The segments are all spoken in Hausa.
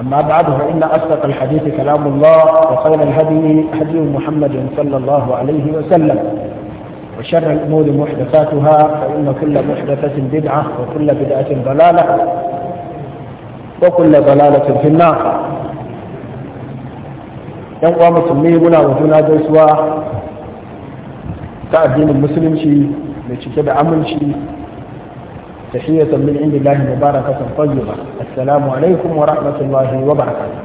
أما بعد فإن أصدق الحديث كلام الله وخير الهدي هدي محمد صلى الله عليه وسلم وشر الأمور محدثاتها فإن كل محدثة بدعة وكل بدعة ضلالة وكل ضلالة في النار يوم مسلمي منا وجنا جيسوا تأذين المسلم شيء لشكب عمل شيء تحية من عند الله مباركة طيبة السلام عليكم ورحمة الله وبركاته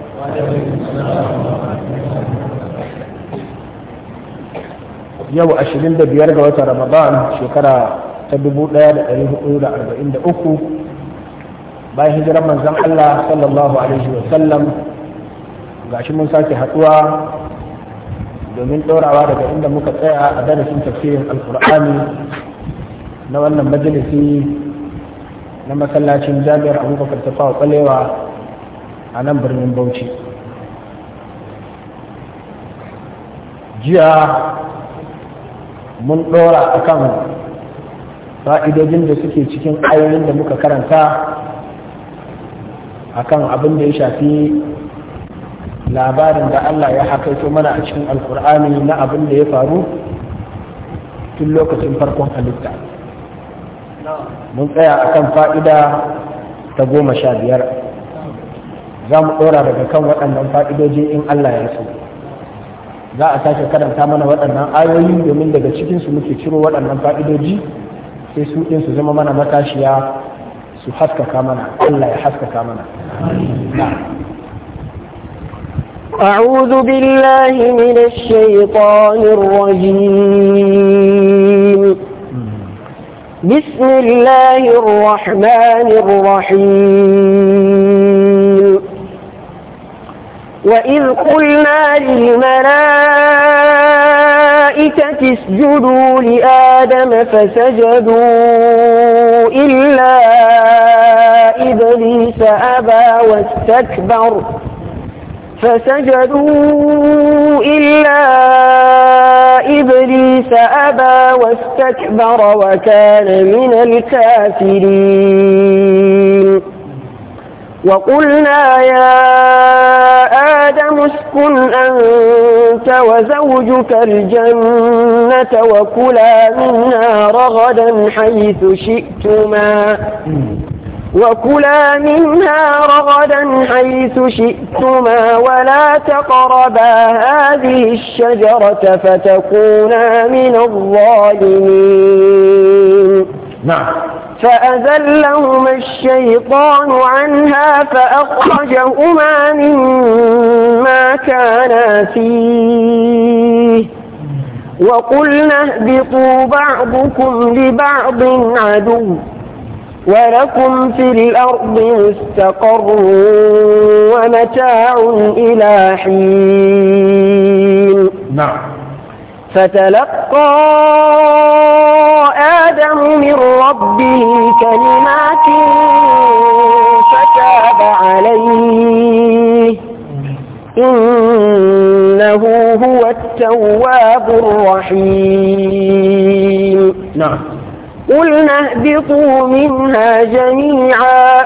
yau 25 ga watan ramadan shekara ta 1443 bayan hijirar manzon Allah sallallahu alaihi wa sallam gashi mun sake haɗuwa domin ɗorawa daga inda muka tsaya a darasin tafsirin alkur'ani na wannan majalisi na masallacin jami'ar abubakar ta fawa kwalewa a nan birnin bauchi jiya mun ɗora a kan fa'idojin da suke cikin ayoyin da muka karanta a kan abin da ya shafi labarin da Allah ya hakaito mana a cikin alkur'ani na abin da ya faru tun lokacin farkon halitta. mun tsaya a kan fa'ida ta goma sha biyar za mu ɗora daga kan waɗannan fa'idoji in Allah ya so za a sake karanta mana waɗannan ayoyi domin daga cikinsu muke ciro waɗannan fa'idoji sai su ɗinsu su zama mana matashiya su haskaka mana Allah ya haskaka mana أعوذ بالله من الشيطان الرجيم بسم الله الرحمن الرحيم وإذ قلنا للملائكة اسجدوا لآدم فسجدوا إلا إبليس أبى واستكبر فسجدوا إلا إبليس أبى واستكبر وكان من الكافرين وقلنا يا آدم اسكن أنت وزوجك الجنة وكلا منا رغدا حيث شئتما وكلا منها رغدا حيث شئتما ولا تقربا هذه الشجرة فتكونا من الظالمين نعم فأذلهما الشيطان عنها فأخرجهما مما كانا فيه وقلنا اهبطوا بعضكم لبعض عدو ولكم في الأرض مستقر ومتاع إلى حين نعم فتلقى آدم من ربه كلمات فتاب عليه إنه هو التواب الرحيم نعم قلنا اهبطوا منها جميعا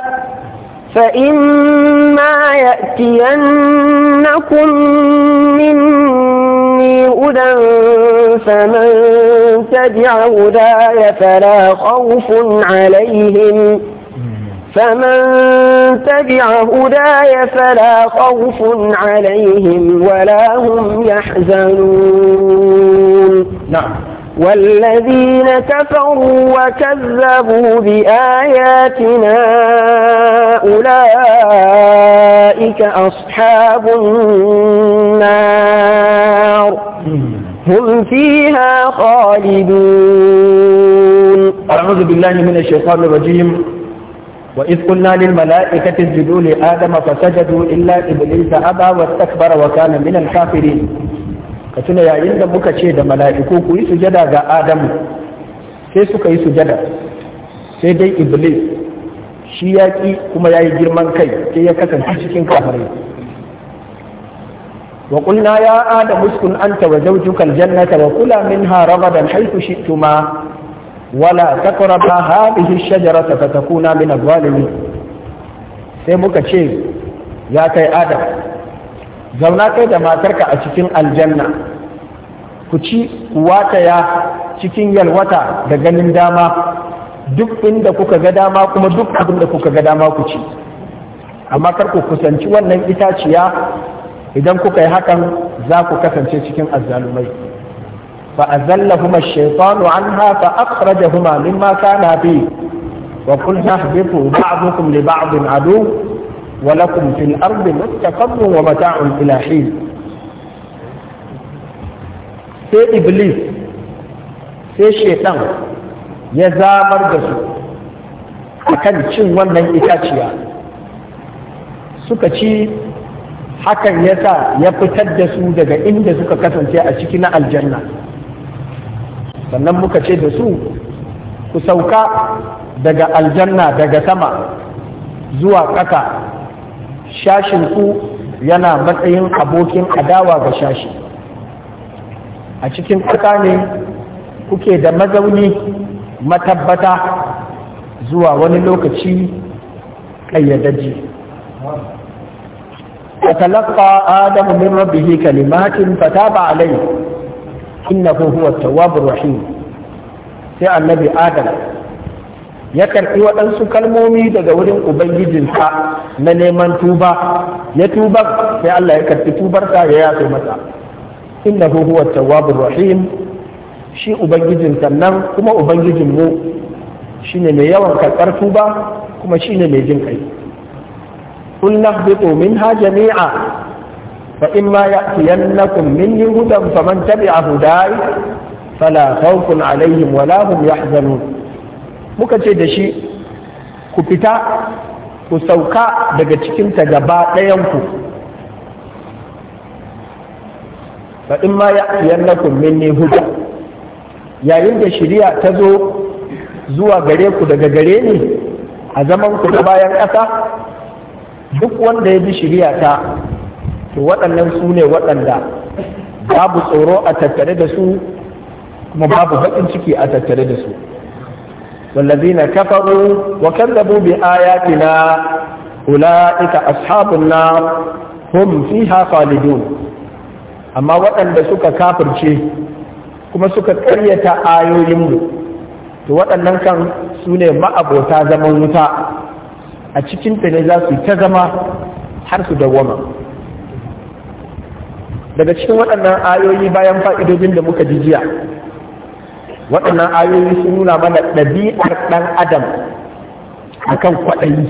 فإما يأتينكم مني هدى فمن تبع هداي فلا خوف عليهم فمن تبع هداي فلا خوف عليهم ولا هم يحزنون نعم والذين كفروا وكذبوا بآياتنا أولئك أصحاب النار هم فيها خالدون أعوذ بالله من الشيطان الرجيم وإذ قلنا للملائكة اسجدوا لآدم فسجدوا إلا إبليس أبى واستكبر وكان من الكافرين ka tuna yayin da muka ce da mala'iku ku yi sujada ga adam sai suka yi sujada sai dai iblis shi ya ƙi kuma ya yi girman kai sai ya kasance cikin kafirai wa qulna ya adam uskun anta wa zawjuka aljannata wa kula minha ragadan haythu shi'tuma wala taqrabu hadhihi ash-shajarata fatakuna min adh-dhalimin sai muka ce ya kai adam zauna kai da matarka a cikin aljanna ku ci wataya cikin yalwata da ganin dama duk inda kuka ga dama kuma duk abin da kuka ga dama ku ci amma kar ku kusanci wannan itaciya idan kuka yi hakan za ku kasance cikin azzalumai fa azallahu ash-shaytanu anha fa akhrajahuma mimma kana bi wa qulna ihbitu ba'dukum li ba'din adu ولكم في الأرض مستقر ومتاع إلى حين sai iblis sai shaitan ya zamar da su akan cin wannan itaciya suka ci hakan ya sa ya fitar da su daga inda suka kasance a ciki na aljanna sannan muka ce da su ku sauka daga aljanna daga sama zuwa ƙasa shashin ku yana matsayin abokin adawa ga shashi a cikin ƙasa ne kuke da mazauni matabbata zuwa wani lokaci ƙayyadaji فتلقى آدم من kalimatin fata ba alai inna هو التواب rahim sai annabi adam ya karɓi waɗansu kalmomi daga wurin ubangijinsa na neman tuba ya tuba sai Allah ya karfi tubar tubarsa ya yafe masa innahu huwa tawwabur rahim shi ubangijin sannan kuma ubangijin mu shine mai yawan karɓar tuba kuma shine mai jin kai قل نهبطوا منها جميعا فإما ya'tiyannakum مني هدى faman tabi'a hudai fala khawfun عليهم wala hum yahzanun muka ce da shi ku fita ku sauka daga cikinta gaba ɗayanku ba in ma ya yannakum minni huda yayin da shirya ta zo zuwa gare ku daga gare ni a zaman ku da bayan ƙasa duk wanda ya bi shirya ta to waɗannan su ne waɗanda babu tsoro a tattare da su kuma babu baƙin ciki a tattare da su والذين كفروا وكذبوا بآياتنا أولئك أصحاب النار هم فيها خالدون أما وأن سك كافر شيء كما سك كرية آيو يمو وأن كان سنة ما أبو تازم المتاع أتشكين تنزاس تزم حرس دوما daga cikin waɗannan ayoyi bayan fa'idodin da muka jijiya waɗannan ayoyi sun nuna mana ɗabi'ar ɗan adam akan kwaɗayi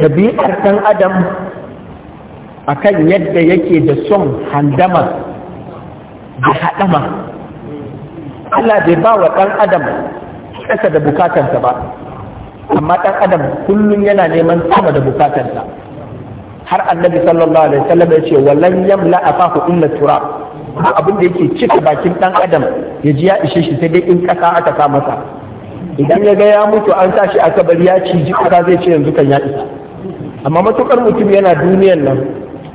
ɗabi'ar ɗan adam akan yadda yake da son handama da haɗama Allah bai ba wa ɗan adam ƙasa da bukatansa ba amma ɗan adam kullum yana neman sama da bukatansa har annabi sallallahu alaihi wasallam ya ce wallan yamla afahu illa turab ba abin da yake cika bakin ɗan adam ya ji ya ishe shi sai dai in kasa aka sa masa idan ya ga ya mutu an sa shi a kabari ya ciji kasa zai ce yanzu kan ya isa amma matukar mutum yana duniyan nan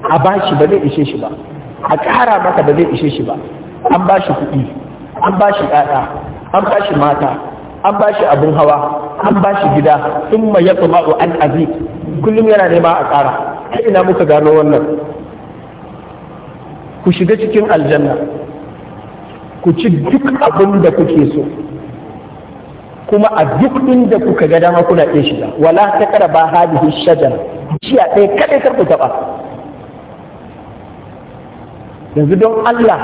a bashi ba zai ishe shi ba a ƙara maka ba zai ishe shi ba an bashi shi kuɗi an bashi shi an bashi mata an bashi abun hawa an bashi gida tun mai ya tsama an kullum yana nema a kara ta ina muka gano wannan ku shiga cikin aljanna ku ci duk abin da kuke so kuma a duk inda kuka ga dama kuna iya shiga wala ta kara ba hadihi shajara jiya ɗaya kaɗai kar ku taɓa yanzu don Allah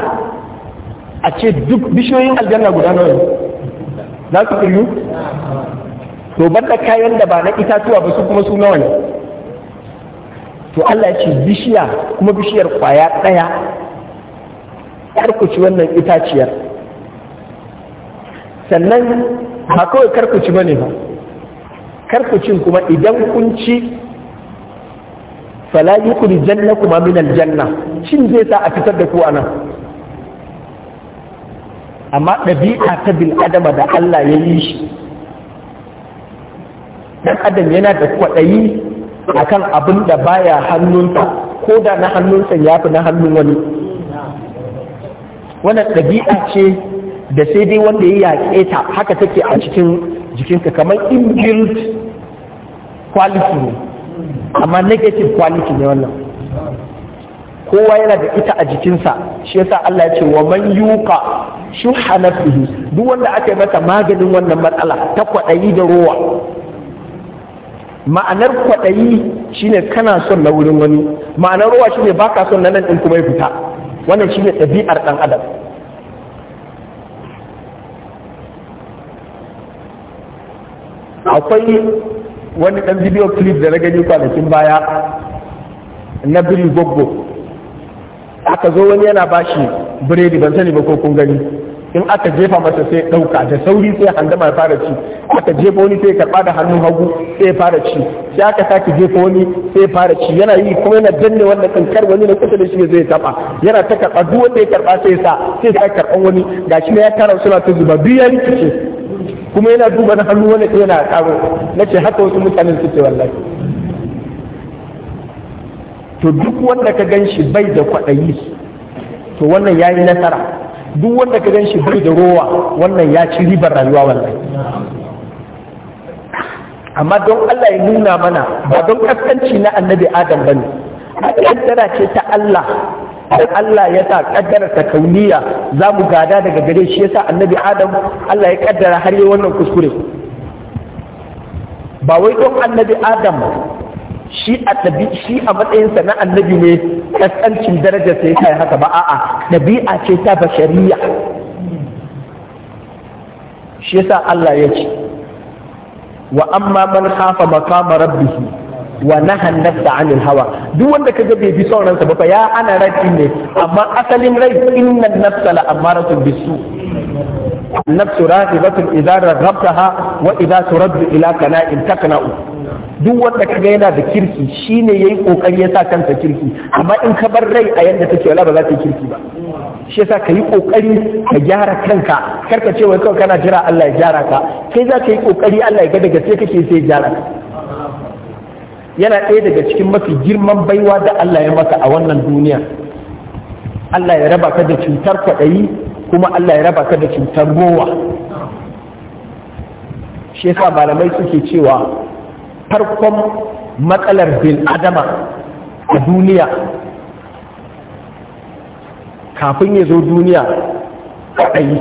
a ce duk bishiyoyin aljanna guda nawa za su kiryu to banda kayan da ba na itatuwa ba su kuma su nawa ne to Allah ya ce bishiya kuma bishiyar kwaya ɗaya karkuci wannan itaciyar sannan ba kawai karkuci bane ba karkucin kuma idan kun ci da janna kuma min Janna, shin zai sa a fitar da ku a nan amma ɗabi'a ta bil adama da Allah ya yi shi ɗan adam yana da kwaɗayi akan abin da baya hannunsa ko da na hannunsa ya fi na hannun wani wannan ɗabi'a ce da sai dai wanda ya yaƙe ta haka take a cikin jikinka kamar inbuilt quality ne amma negative quality ne wannan kowa yana da ita a jikinsa shi yasa Allah ya ce wa man yuqa shuha nafsihi duk wanda aka yi mata maganin wannan matsala ta kwaɗayi da rowa ma'anar kwaɗayi shine kana son na wurin wani ma'anar rowa shine baka son na nan in kuma ya fita wannan shi ne ɗabi'ar ɗan adam akwai wani ɗan video clip da na gani kwanakin baya na biri goggo aka zo wani yana bashi biredi ban sani ba ko kun gani in aka jefa masa sai ɗauka da sauri sai handama ya fara ci aka jefa wani sai karɓa da hannun hagu sai fara ci sai aka sake jefa wani sai fara ci yana yi kuma yana danne wannan kankar wani na kusa da shi zai taɓa yana ta karɓa duk wanda ya karɓa sai sa sai sa karɓan wani gashi ne ya tara suna ta zuba biyu ya rikice kuma yana duba na hannu wani yana ƙaro na ce haka wasu mutanen suke wallahi to duk wanda ka gan shi bai da kwaɗayi to wannan ya yi nasara duk wanda ka shi bai da rowa wannan ya ci ribar rayuwa wallahi amma don Allah ya nuna mana ba don kaskanci na annabi Adam bane a kaddara ce ta Allah dan Allah ya sa kaddara ta kauniya za mu gada daga gare shi yasa annabi Adam Allah ya kaddara har yi wannan kuskure ba wai don annabi Adam shi a shi a na annabi ne kaskancin darajar sai kai haka ba a'a ɗabi'a ce ta bashariya shi yasa Allah ya ce wa amma man khafa maqama rabbih wa naha nafsa 'anil hawa duk wanda kaga bai bi son ransa ba ya ana rafi ne amma asalin rai innan nafsa la amaratun bisu nafsu rahibatun idza raghabtaha wa idza turaddu ila kana'in takna'u duk wanda ka ga yana da kirki shine yayi kokari ya sa kansa kirki amma in ka bar rai a yadda take wala ba za ta yi kirki ba shi yasa ka yi kokari ka gyara kanka kar ka ce wai kawai kana jira Allah ya gyara ka kai za ka yi kokari Allah ya ga daga sai kake sai gyara ka yana ɗaya daga cikin mafi girman baiwa da Allah ya maka a wannan duniya Allah ya raba ka da cutar kwaɗayi kuma Allah ya raba ka da cutar gowa shi yasa malamai suke cewa farkon matsalar bil'adama a duniya kafin ya zo duniya kaɗai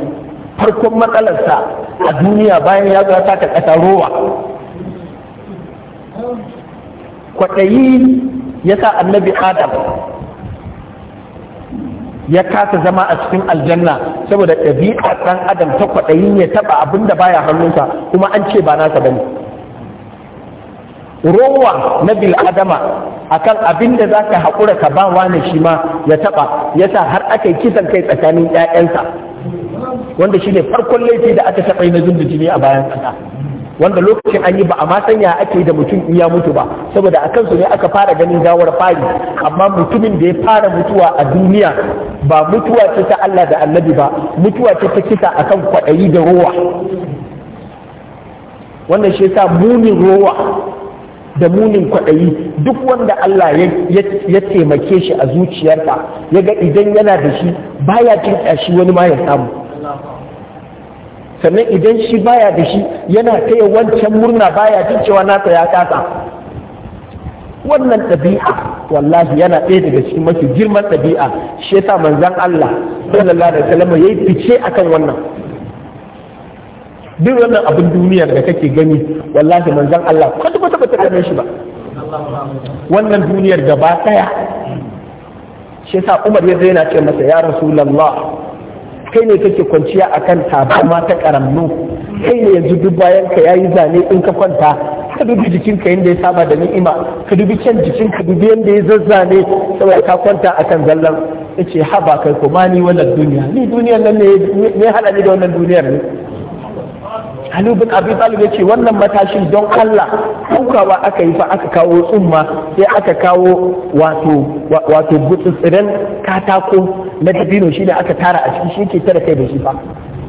farkon matsalarsa a duniya bayan ya zata ta ƙasa rowa kwaɗayi ya sa annabi adam ya kasa zama a cikin aljanna saboda ɗabi'a ɗan adam ta kwaɗayin ya taɓa abinda baya hannunsa kuma an ce ba nasa bane rowa na bil adama akan abin da za ka haƙura ka ba wani shi ma ya taɓa ya sa har aka yi kisan kai tsakanin 'ya'yansa wanda shine farkon laifi da aka taɓa yi na zundu jini a bayan ƙasa wanda lokacin an yi ba a ma sanya ake da mutum in ya mutu ba saboda a kansu ne aka fara ganin gawar fari amma mutumin da ya fara mutuwa a duniya ba mutuwa ce ta Allah da annabi ba mutuwa ce ta kisa akan kwaɗayi da ruwa wannan shi yasa munin rowa da munin kwaɗayi duk wanda Allah ya taimake shi a zuciyarta ya ga idan yana da shi baya jin shi wani ma ya samu sannan idan shi baya da shi yana taya wancan murna baya jin cewa nasa ya kasa wannan ɗabi'a wallahi yana ɗaya daga cikin mafi girman ɗabi'a shi ya sa manzan Allah sallallahu alaihi wasallam yi fice akan wannan duk wannan abin duniya da kake gani wallahi manzon Allah kwata kwata ba ta gane shi ba wannan duniyar gaba daya shi yasa Umar ya zaina ce masa ya Rasulullah kai ne kake kwanciya akan tabarma ta karamno kai ne yanzu duk bayan ka yayi zane in ka kwanta ka dubi jikinka yadda ya saba da ni'ima ka dubi can jikinka dubi yadda ya zazzane saboda ka kwanta akan zallan yace haba kai ko ma ni wannan duniya ni duniyar nan ne ne halali da wannan duniyar ne Ali bin Abi Talib ya ce wannan matashin don Allah kukawa aka yi fa aka kawo tsumma sai aka kawo wato wato gutsutsiren katako na dabino shi da aka tara a ciki shi ke tara kai da shi fa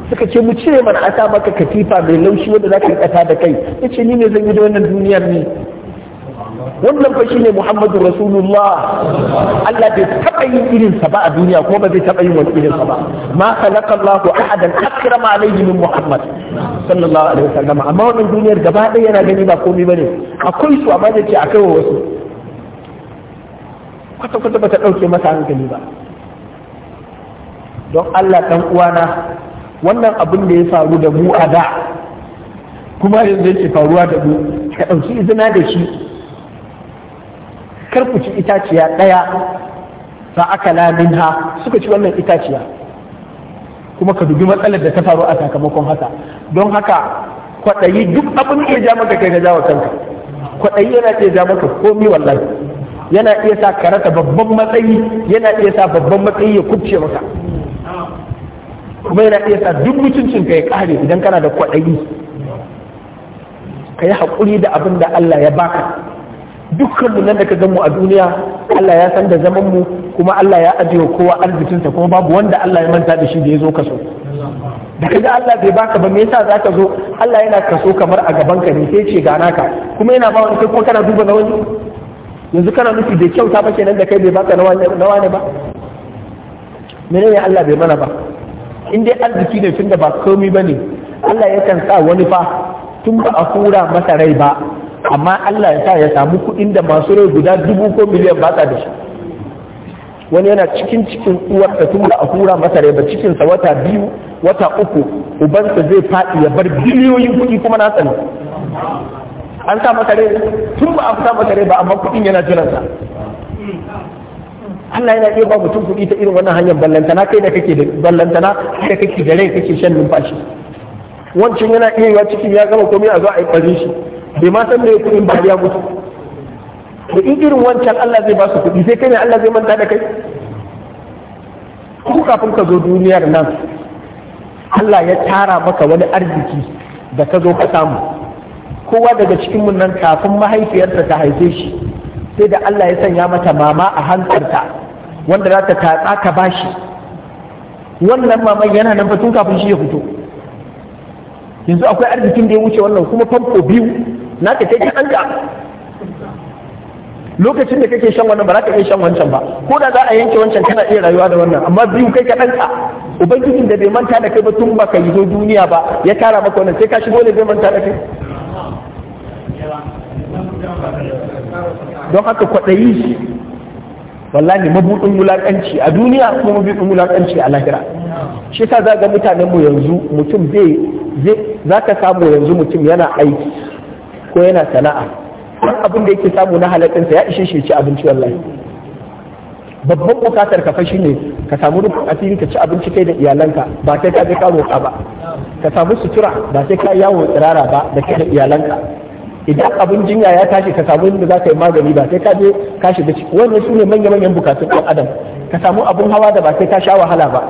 suka ce mu cire mana asa maka katifa mai laushi wanda za ka yi da kai ya ce ni ne zan yi da wannan duniyar ne wannan fa ne Muhammadu Rasulullah Allah bai taɓa yin irin sa ba a duniya kuma ba zai taɓa yin wani irin sa ba ma khalaqa Allah ahadan akram alayhi min Muhammad sallallahu alaihi wasallam amma wannan duniyar gaba ɗaya yana gani ba komai bane akwai su amma yace akai wa wasu kwata kwata ba ta ɗauke masa hankali ba don Allah dan uwa na wannan abin da ya faru da mu a da kuma yanzu yake faruwa da mu ka ɗauki izina da shi kar ku ci itaciya ɗaya fa akala ha suka ci wannan itaciya kuma ka dubi matsalar da ta faru a sakamakon haka don haka kwaɗayi duk abin iya ja maka kai ka jawo kanka kwaɗayi yana iya ja maka komi wallahi yana iya sa ka rasa babban matsayi yana iya sa babban matsayi ya kubce maka kuma yana iya sa duk mutuncin ka ya kare idan kana da kwaɗayi ka yi haƙuri da abin da Allah ya baka dukkan mu nan da ka ga mu a duniya Allah ya san da zaman mu kuma Allah ya ajiye kowa arzikinsa kuma babu wanda Allah ya manta da shi da ya zo kaso da kaga Allah bai baka ba me yasa zaka zo Allah yana kaso kamar a gaban ka ne sai ce ga naka kuma yana ba wani kai kuma kana duba na wani yanzu kana nufi da kyauta ba kenan da kai bai baka na wani ba menene Allah bai mana ba in dai arziki ne tunda ba komai bane Allah yakan sa wani fa tun ba a kura masa rai ba amma Allah ya sa ya samu kuɗin da masu rai guda dubu ko miliyan ba da shi wani yana cikin cikin uwar da tun da a hura masa rai ba cikinsa wata biyu wata uku ubansa zai faɗi ya bar biliyoyin kuɗi kuma na tsani an sa masa rai tun ba a sa masa rai ba amma kuɗin yana jiransa Allah yana iya ba mutum kuɗi ta irin wannan hanyar ballantana kai da kake da ballantana kai da kake da rai kake shan numfashi wancan yana iya wa cikin ya gama komai a zo a yi ɓarin shi bai ma san me kuɗin ba ya mutu da in irin wancan Allah zai ba su kuɗi sai kai ne Allah zai manta da kai ko kafin ka zo duniyar nan Allah ya tara maka wani arziki da ka zo ka samu kowa daga cikin mun nan kafin mahaifiyarsa ta haife shi sai da Allah ya sanya mata mama a hantarta wanda za ta tatsa ka bashi wannan maman yana nan fa tun kafin shi ya fito yanzu akwai arzikin da ya wuce wannan kuma famfo biyu na ka kai an ga lokacin da kake shan wannan ba za ka iya shan wancan ba ko da za a yanke wancan kana iya rayuwa da wannan amma biyu kai ka ɗanka ubangijin da bai manta da kai ba tun ba ka yi zo duniya ba ya tara maka wannan sai ka shigo ne bai manta da kai don haka wallahi mabudin wulaƙanci a duniya kuma mabudin wulaƙanci a lahira shi yasa za ga mutanen mu yanzu mutum zai za ka samu yanzu mutum yana aiki ko yana sana'a duk abin da yake samu na halakansa ya ishe shi ci abinci wallahi babban bukatar ka fashi ne ka samu rufin asiri ka ci abinci kai da iyalanka ba sai ka je ka roƙa ka samu sutura ba sai ka yawo tsirara ba da kai da iyalanka idan abin jinya ya tashi ka samu inda za ka yi magani ba sai ka je ka shiga ciki wannan su ne manya-manyan bukatun ɗan adam ka samu abin hawa da ba sai ka sha wahala ba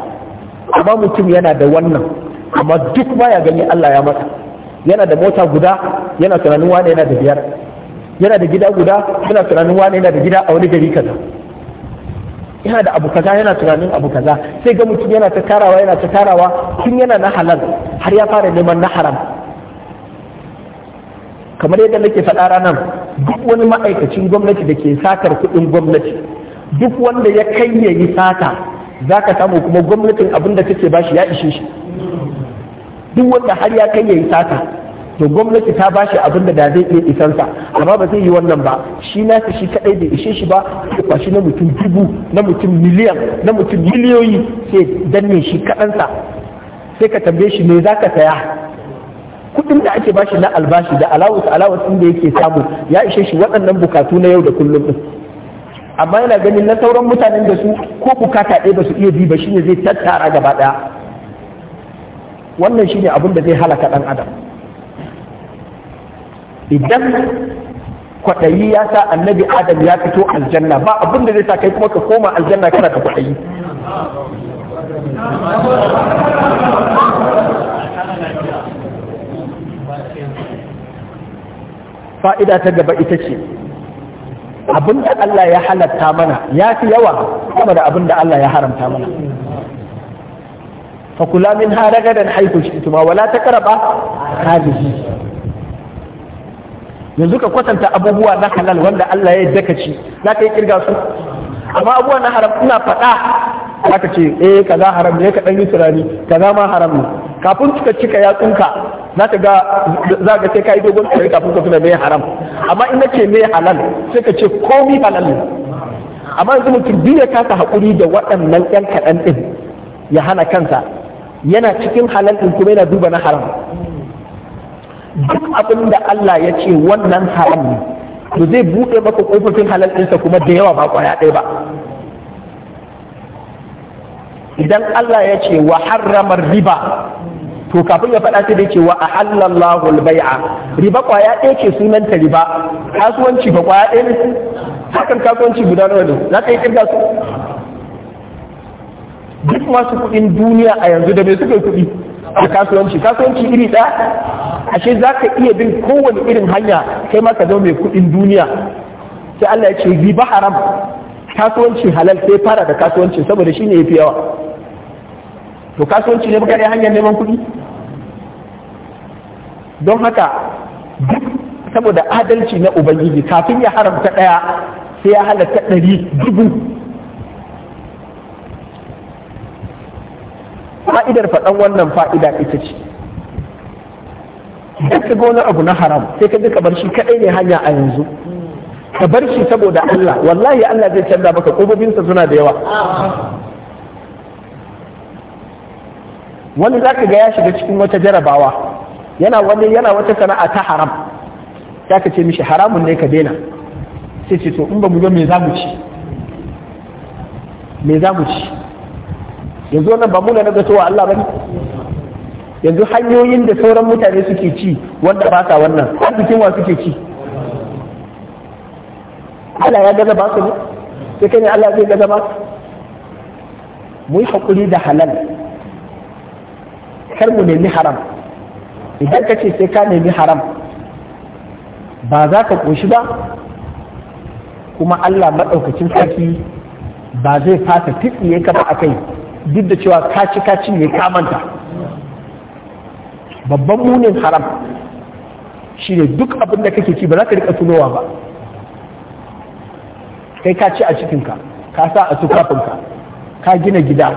amma mutum yana da wannan amma duk baya gani Allah ya masa yana da mota guda yana tunanin wane yana da biyar yana da gida guda yana tunanin wane yana da gida a wani gari kaza yana da abu kaza yana tunanin abu kaza sai ga mutum yana ta tarawa yana ta tarawa tun yana na halal har ya fara neman na haram kamar yadda nake faɗa ranar duk wani ma'aikacin gwamnati da ke satar kuɗin gwamnati duk wanda ya kai ya yi sata za ka samu kuma gwamnatin abin da take bashi ya ishe shi duk wanda har ya kai ya yi sata to gwamnati ta bashi abin da zai iya isansa amma ba zai yi wannan ba shi na shi kadai bai ishe shi ba ba shi na mutum dubu na mutum miliyan na mutum miliyoyi sai danne shi kaɗansa. sai ka tambaye shi me za ka saya kuɗin da ake bashi na albashi da alawus alawus inda yake samu ya ishe shi waɗannan bukatu na yau da kullum ɗin amma yana ganin na sauran mutanen da su ko bukata ɗaya ba su iya bi ba shine zai tattara gaba ɗaya wannan shine abin da zai halaka ɗan adam idan kwaɗayi ya sa annabi adam ya fito aljanna ba abin da zai sa kai kuma ka koma aljanna kana ka kwaɗayi fa'ida ta gaba ita ce abin da Allah ya halatta mana ya fi yawa kuma da abin da Allah ya haramta mana fakula min ha da haiku shi ma wala ta karaba hadihi yanzu ka kwatanta abubuwa na halal wanda Allah ya daka ci za ka yi kirga su amma abubuwa na haram ina faɗa za ka ce eh kaza haram ne ka ɗan yi turani kaza ma haram ne kafin cika cika yatsunka za ka ga za ka sai kai dogon tsari kafin ka tuna mai haram amma in nace mai halal sai ka ce komi halal ne amma yanzu mutum biya kasa hakuri da waɗannan ƴan kaɗan ɗin ya hana kansa yana cikin halal ɗin kuma yana duba na haram duk abin da Allah ya ce wannan haram ne to zai buɗe maka ƙofofin halal ɗinsa kuma da yawa ba ƙwaya ɗaya ba idan Allah ya ce wa harramar riba to kafin ya faɗa sai da ce wa ahallallahu al riba kwaya ɗaya ce sunanta riba kasuwanci ba kwaya ɗaya ne hakan kasuwanci guda nawa ne za ka yi kirga su duk masu kuɗin duniya a yanzu da me suka yi kuɗi a kasuwanci kasuwanci iri ɗaya ashe za ka iya bin kowane irin hanya kai ma ka zama mai kuɗin duniya sai Allah ya ce riba haram kasuwanci halal sai fara da kasuwanci saboda shi ne ya fi yawa to kasuwanci ne bukari hanyar neman kuɗi don haka duk saboda adalci na ubangiji kafin ya haramta ɗaya sai ya halatta ɗari dubu fa'idar faɗan wannan fa'ida ita ce duk ka ga abu na haram sai ka ji kamar shi kaɗai ne hanya a yanzu ka bar shi saboda Allah wallahi Allah zai canza maka kobobinsa suna da yawa wani ka ga ya shiga cikin wata jarabawa yana wani yana wata sana'a ta haram Ya ka ce mishi haramun ne ka daina sai ce to in ba mu ga me za mu ci me za mu ci yanzu wannan ba muna naga cewa Allah bane yanzu hanyoyin da sauran mutane suke ci wanda ba sa wannan arzikin wa suke ci Allah ya gaza ba su ne sai kai ne Allah zai gaza ba su mu yi hakuri da halal kar mu nemi haram idan ka ce sai ka nemi haram ba za ka ƙunshi ba kuma Allah maɗaukacin sarki ba zai fasa titsiye ka ba a kai duk da cewa ka ci kaci ci ne kamanta babban munin haram shi ne duk abin da kake ci ba za ka rika tunowa ba kai ka ci a cikinka ka sa a tufafinka ka gina gida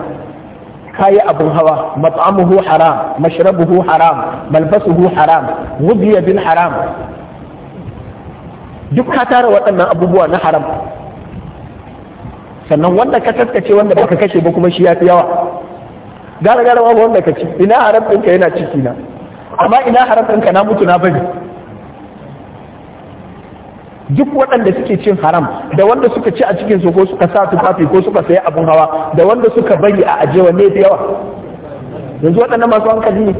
ka yi abin hawa mat'amuhu haram mashrabuhu haram malbasuhu haram wubiya bin haram duk ka tara waɗannan abubuwa na haram sannan wanda ka taskace wanda baka kashe ba kuma shi ya fi yawa gara gara wanda ka ci ina haram ɗinka yana ciki na amma ina haram ɗinka na mutu na bari duk waɗanda suke cin haram da wanda suka ci a cikin su ko suka sa tufafi ko suka sayi abun hawa da wanda suka bari a aje wanne fi yawa yanzu waɗannan masu hankali ne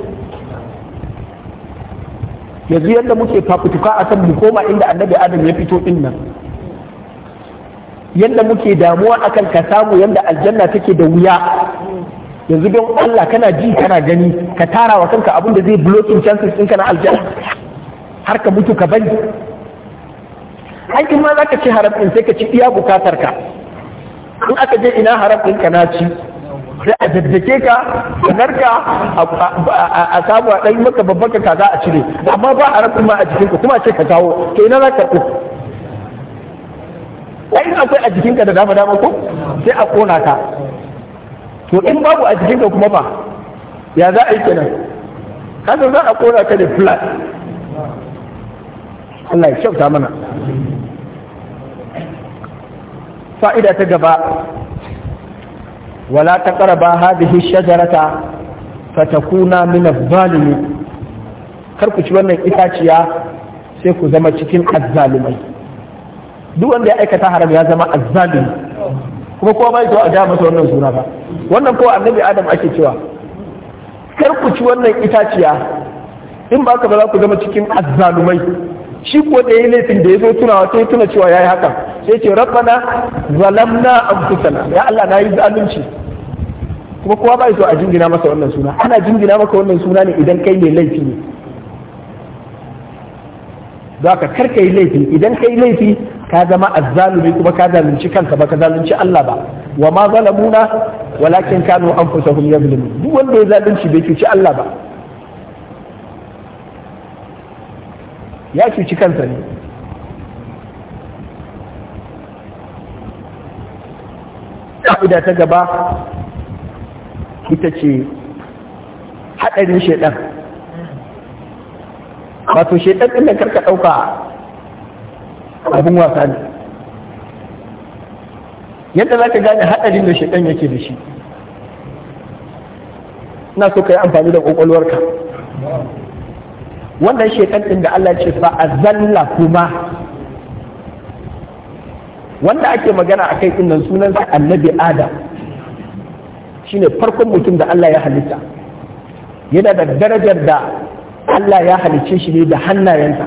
yanzu yadda muke fafutuka a kan mu koma inda annabi adam ya fito din nan yadda muke damuwa akan ka samu yadda aljanna take da wuya yanzu don Allah kana ji kana gani ka tara wa kanka abin da zai blocking chances ɗinka na aljanna har ka mutu ka bari ai in ma zaka ci haram din sai ka ci iya bukatar ka in aka je ina haram din ka na ci sai a daddake ka a narka a samu a ɗan maka babban ka kaza a cire amma ba haram din ma a jikin ka kuma ce ka kawo to ina za ka ku ai in akwai a jikin ka da dama dama ko sai a kona ka to in babu a jikin ka kuma ba ya za a yi kenan kasa za a kona ka da flat Allah ya kyauta mana fa'ida ta gaba wala taqraba hadhihi shajarata fatakuna min adh-dhalimin kar ku ci wannan itaciya sai ku zama cikin azzalumai duk wanda ya aikata haram ya zama azzalumi kuma kowa bai zuwa a dama masa wannan suna ba wannan kowa annabi adam ake cewa kar ku ci wannan itaciya in ba ka ba za ku zama cikin azzalumai shi ko da yayi laifin da ya zo tunawa sai tuna cewa yayi haka sai ce rabbana zalamna anfusana ya Allah na yi zalunci kuma kowa bai so a jingina masa wannan suna ana jingina maka wannan suna ne idan kai ne laifi ne za ka karka yi laifi idan kai laifi ka zama azzalumi kuma ka zalunci kanka ba ka zalunci Allah ba wa ma zalamuna walakin kanu anfusahum yazlimun duk wanda ya zalunci bai cuci Allah ba ya cuci kansa ne ka'ida ta gaba ita ce haɗarin shaidan wato shaidan ɗin da karka ɗauka abin wasa ne yadda za ka gane haɗarin da shaidan yake da shi na so ka yi amfani da ƙwaƙwalwarka wannan shaidan ɗin da Allah ce fa a zalla kuma wanda ake magana a kai inda sunansa annabi adam shine farkon mutum da Allah ya halitta yana da darajar da Allah ya halicce shi ne da hannayensa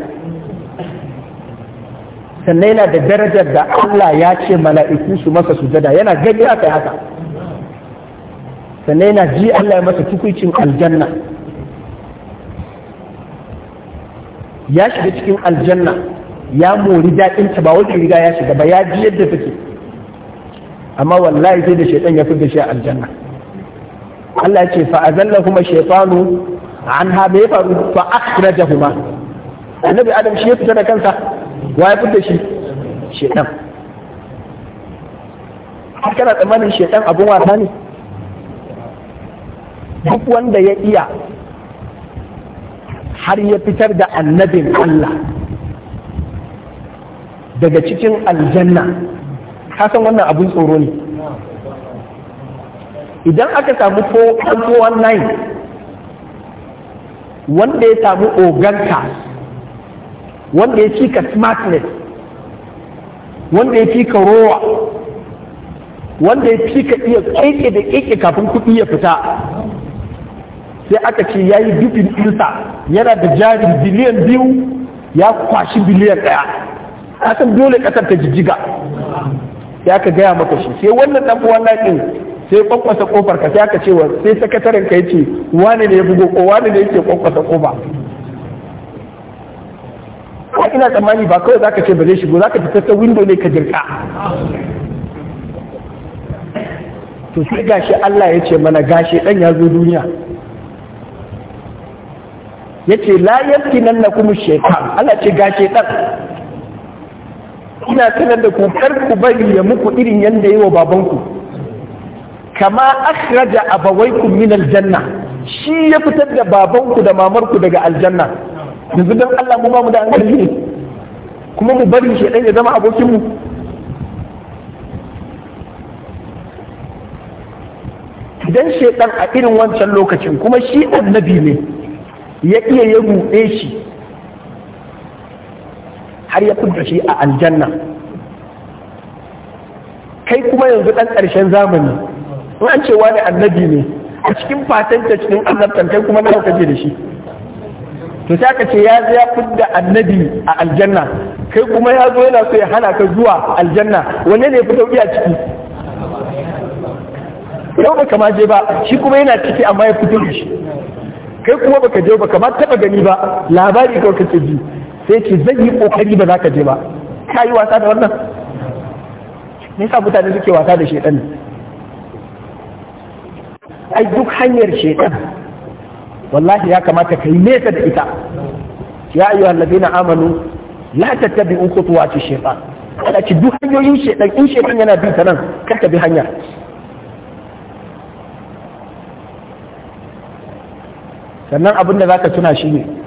sannan yana da darajar da Allah ya ce mala'iku su masa sujada yana gani aka haka sannan yana ji Allah ya masa tukucin aljanna ya shiga cikin aljanna ya mori daɗin ta ba wajen riga ya shiga ba ya ji yadda take amma wallahi sai da shaitan ya fita shi a aljanna Allah ce fa azalla kuma an ha bai faru fa huma annabi adam shi ya fita da kansa wa ya fita shi shaitan kana tsammanin shaitan abun wasa ne duk wanda ya iya har ya fitar da annabin Allah daga cikin aljanna kasan wannan abin tsoro ne idan aka samu ko nai, wanda ya samu oganka wanda ya ka smartness wanda ya ka rowa wanda ya ka iya kaike da kaike kafin kuɗi ya fita sai aka ce ya yi dubin ɗinsa yana da jari biliyan biyu ya kwashi biliyan ɗaya kasan dole kasar ta jijjiga ya ka gaya maka shi sai wannan dan uwan ɗin sai kwakwasa kofar ka sai aka ce wa sai sakataren ka yace wani ne ya bugo ko wani ne yake kwakwasa kofa ko ina tsammani ba kawai zaka ce ba zai shigo zaka fita ta window ne ka jirka to sai gashi Allah ya ce mana gashi dan ya zo duniya yace la yaftinannakum shaytan Allah ce gashi dan ina sanar da ku kar ku bari ya muku irin yanda yi wa babanku kama akhraja abawaykum min aljanna shi ya fitar da babanku da mamarku daga aljanna yanzu dan Allah mu ba mu da hankali ne kuma mu bari shi ya zama abokin mu idan shedan a irin wancan lokacin kuma shi annabi ne ya iya ya buɗe shi har ya fidda shi a aljanna kai kuma yanzu ɗan ƙarshen zamani in an cewa ne annabi ne a cikin fatanta cikin annabtan kai kuma nawa kaje da shi to sai aka ce ya zo ya fidda annabi a aljanna kai kuma ya zo yana so ya hana ka zuwa aljanna wanne ne fi sauki a ciki yau baka ma je ba shi kuma yana ciki amma ya fito da shi kai kuma baka je baka ma taba gani ba labari kawai kake ji sai ce zai yi kokari ba za ka je ba ka yi wasa da wannan me yasa mutane suke wasa da shedan ai duk hanyar shedan wallahi ya kamata ka yi nesa da ita ya ayyuhal ladina amanu la tattabi'u khutuwati shaytan kada ki duk hanyoyin shedan in shedan yana bi ta nan kar ka bi hanya sannan abin da zaka tuna shi ne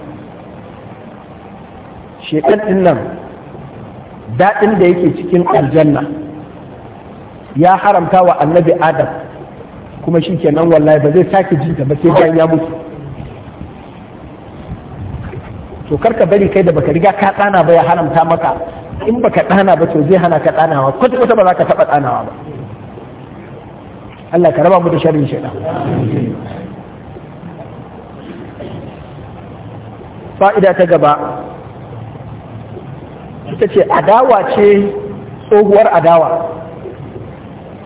shekan nan daɗin da yake cikin aljanna ya haramta wa annabi adam kuma shi kenan wallahi ba zai sake jinta ba sai bayan ya mutu to karka bari kai da baka riga ka tsana ba ya haramta maka in baka tsana ba to zai hana ka tsanawa kwata kwata ba za ka taɓa tsanawa ba Allah ka raba mu da sharrin shaidan fa'ida ta gaba ita ce adawa ce tsohuwar adawa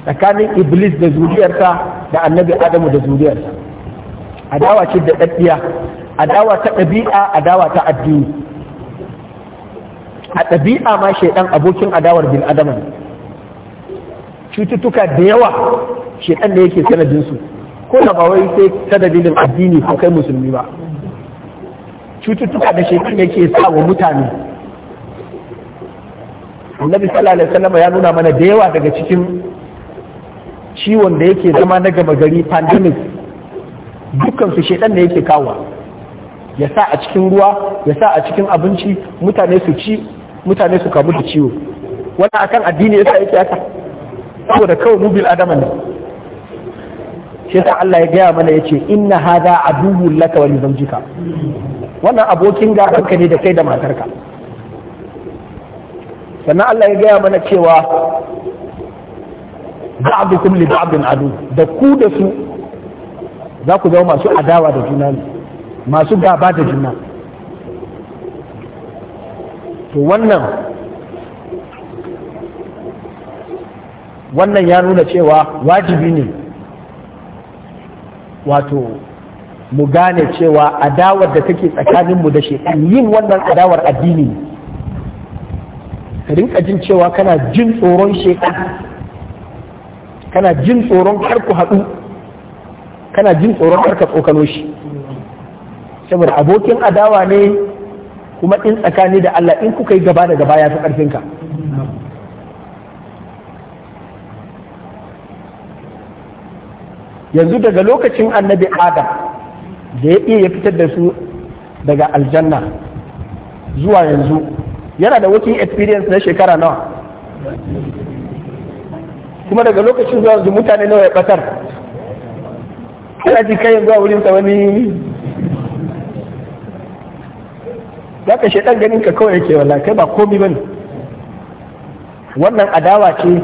tsakanin iblis da zuriyarta da annabi adamu da zuriyarsa adawa ce da ɗaɗɗiya adawa ta ɗabi'a adawa ta addini a ɗabi'a ma shaidan abokin adawar bin adama cututtuka da yawa shaidan da yake sanadinsu ko da ba wai sai ta dalilin addini ko kai musulmi ba cututtuka da shaidan yake sa wa mutane annabi sallallahu alaihi wasallam ya nuna mana da yawa daga cikin ciwon da yake zama na gama gari pandemic dukkan su shedan da yake kawo ya sa a cikin ruwa ya sa a cikin abinci mutane su ci mutane su kamu da ciwo wannan akan addini yasa yake haka saboda kawai mubil adama ne shi yasa Allah ya gaya mana yace inna hadha aduwwul laka wa li zawjika wannan abokin gaban ka ne da kai da matarka sannan Allah ya gaya mana cewa za ba'dukum li abin adu da ku da su za ku zama masu adawa da juna ne masu gaba da juna to wannan wannan ya nuna cewa wajibi ne wato mu gane cewa adawar da take tsakaninmu da shekaru yin wannan adawar addini ne ka rinka jin cewa kana jin tsoron shekan kana jin tsoron kar haɗu kana jin tsoron harka tsokano shi saboda abokin adawa ne kuma in tsakani da Allah in kuka yi gaba da gaba ya fi ƙarfinka yanzu daga lokacin annabi adam da ya iya ya fitar da su daga aljanna zuwa yanzu yana da working experience na shekara nawa kuma daga lokacin zuwa zuwa mutane nawa ya batar kana ji kayan zuwa wurin sa wani za ka shaidan ganin ka kawai yake wala kai ba komi ba ne wannan adawa ce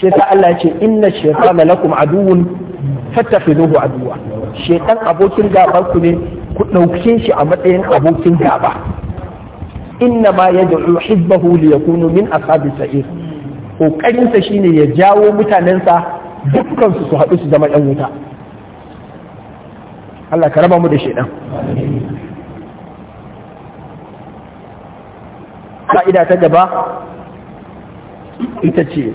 shi ta Allah ce inna aduwun lakum fi fattakhiduhu aduwa shaitan abokin gaba ku ne ku ɗauki shi a matsayin abokin gaba inna ma yad'u hizbahu li yakunu min ashabis sa'ir kokarin sa shine ya jawo mutanensa dukkan su su haɗu su zama ɗan wuta Allah ka raba mu da shaidan ka'ida ta gaba ita ce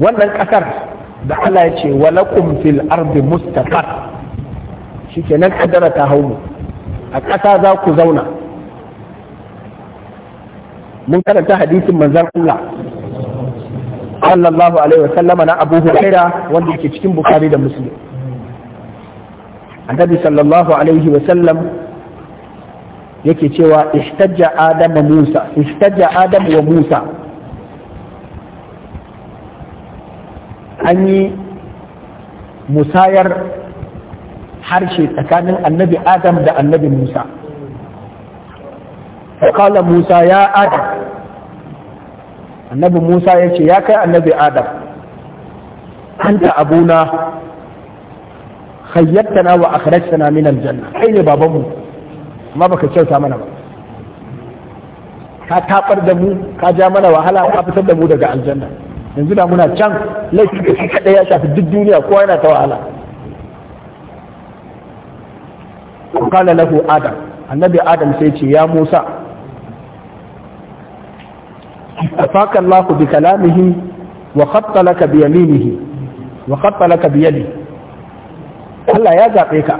wannan ƙasar da Allah ya ce walakum fil shi mustaqar shikenan kaddara ta hau mu a ƙasa za ku zauna mun karanta hadisin manzan Allah sallallahu alaihi wasallama na Abu Huraira wanda yake cikin Bukhari da Muslim annabi sallallahu alaihi wasallam yake cewa ihtajja Adam wa Musa ihtajja Adam wa Musa an yi musayar harshe tsakanin annabi adam da annabi musa faƙala musa ya adam annabi musa ya ce ya kai annabi adam anta abuna hayyattana wa akhrajtana min aljanna kai ne babanmu amma baka kyauta mana ba ka tabar da mu ka ja mana wahala ka fitar da mu daga aljanna yanzu da muna can laifin da shi kadai ya shafi duk duniya kowa yana ta wahala qala lahu adam annabi adam sai ce ya musa afaka allah bi kalamihi wa khatta laka bi Allah ya zabe ka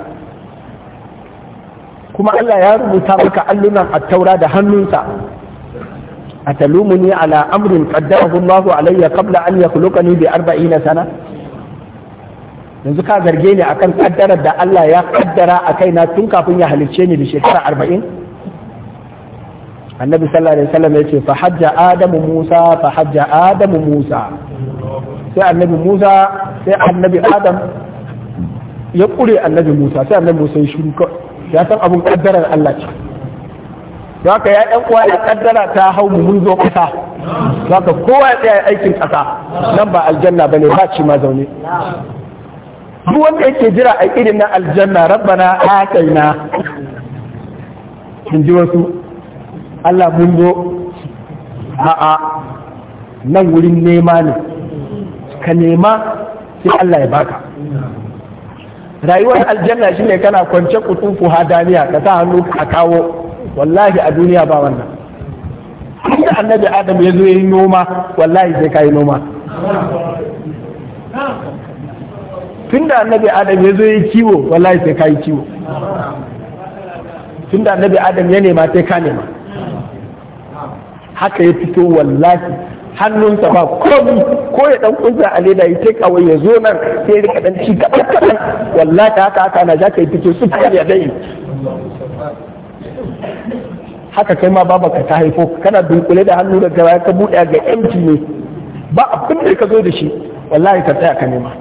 kuma Allah ya rubuta maka allunan at-taura da hannunsa atalumuni ala amrin qaddarahu Allah alayya qabla an yakhluqani sana yanzu ka zarge ni akan kaddarar da Allah ya kaddara a kaina tun kafin ya halicce ni da shekara arba'in annabi sallallahu alaihi wasallam ya ce fa hajja adamu musa fa hajja adamu musa sai annabi musa sai annabi adam ya kure annabi musa sai annabi musa ya shiru ya san abun kaddarar Allah ce don haka ya ɗan uwa ya kaddara ta hau mu mun zo ƙasa don haka kowa ya tsaya aikin ƙasa nan ba aljanna bane ba ci ma zaune duk wanda yake jira a irin na aljanna rabbana ataina in ji wasu Allah mun zo a'a nan wurin nema ne ka nema sai Allah ya baka rayuwar aljanna shine kana kwance kutufu hadaniya ka sa hannu ka kawo wallahi a duniya ba wannan inda annabi adam ya zo yi noma wallahi sai ka yi noma tun da annabi adam ya zo ya kiwo wallahi sai ka yi kiwo tun da annabi adam ya nema sai ka nema haka ya fito wallahi hannunsa ba komi ko ya dan kunza a leda ya ce kawai ya zo nan sai ya rika dan ci gaba kaɗan wallahi haka haka na zaka ya fito su ya dai haka kai ma baba ka ta haifo kana dunkule da hannu da gaba ka buɗe ga yanci ne ba abin da ka zo da shi wallahi ka tsaya ka nema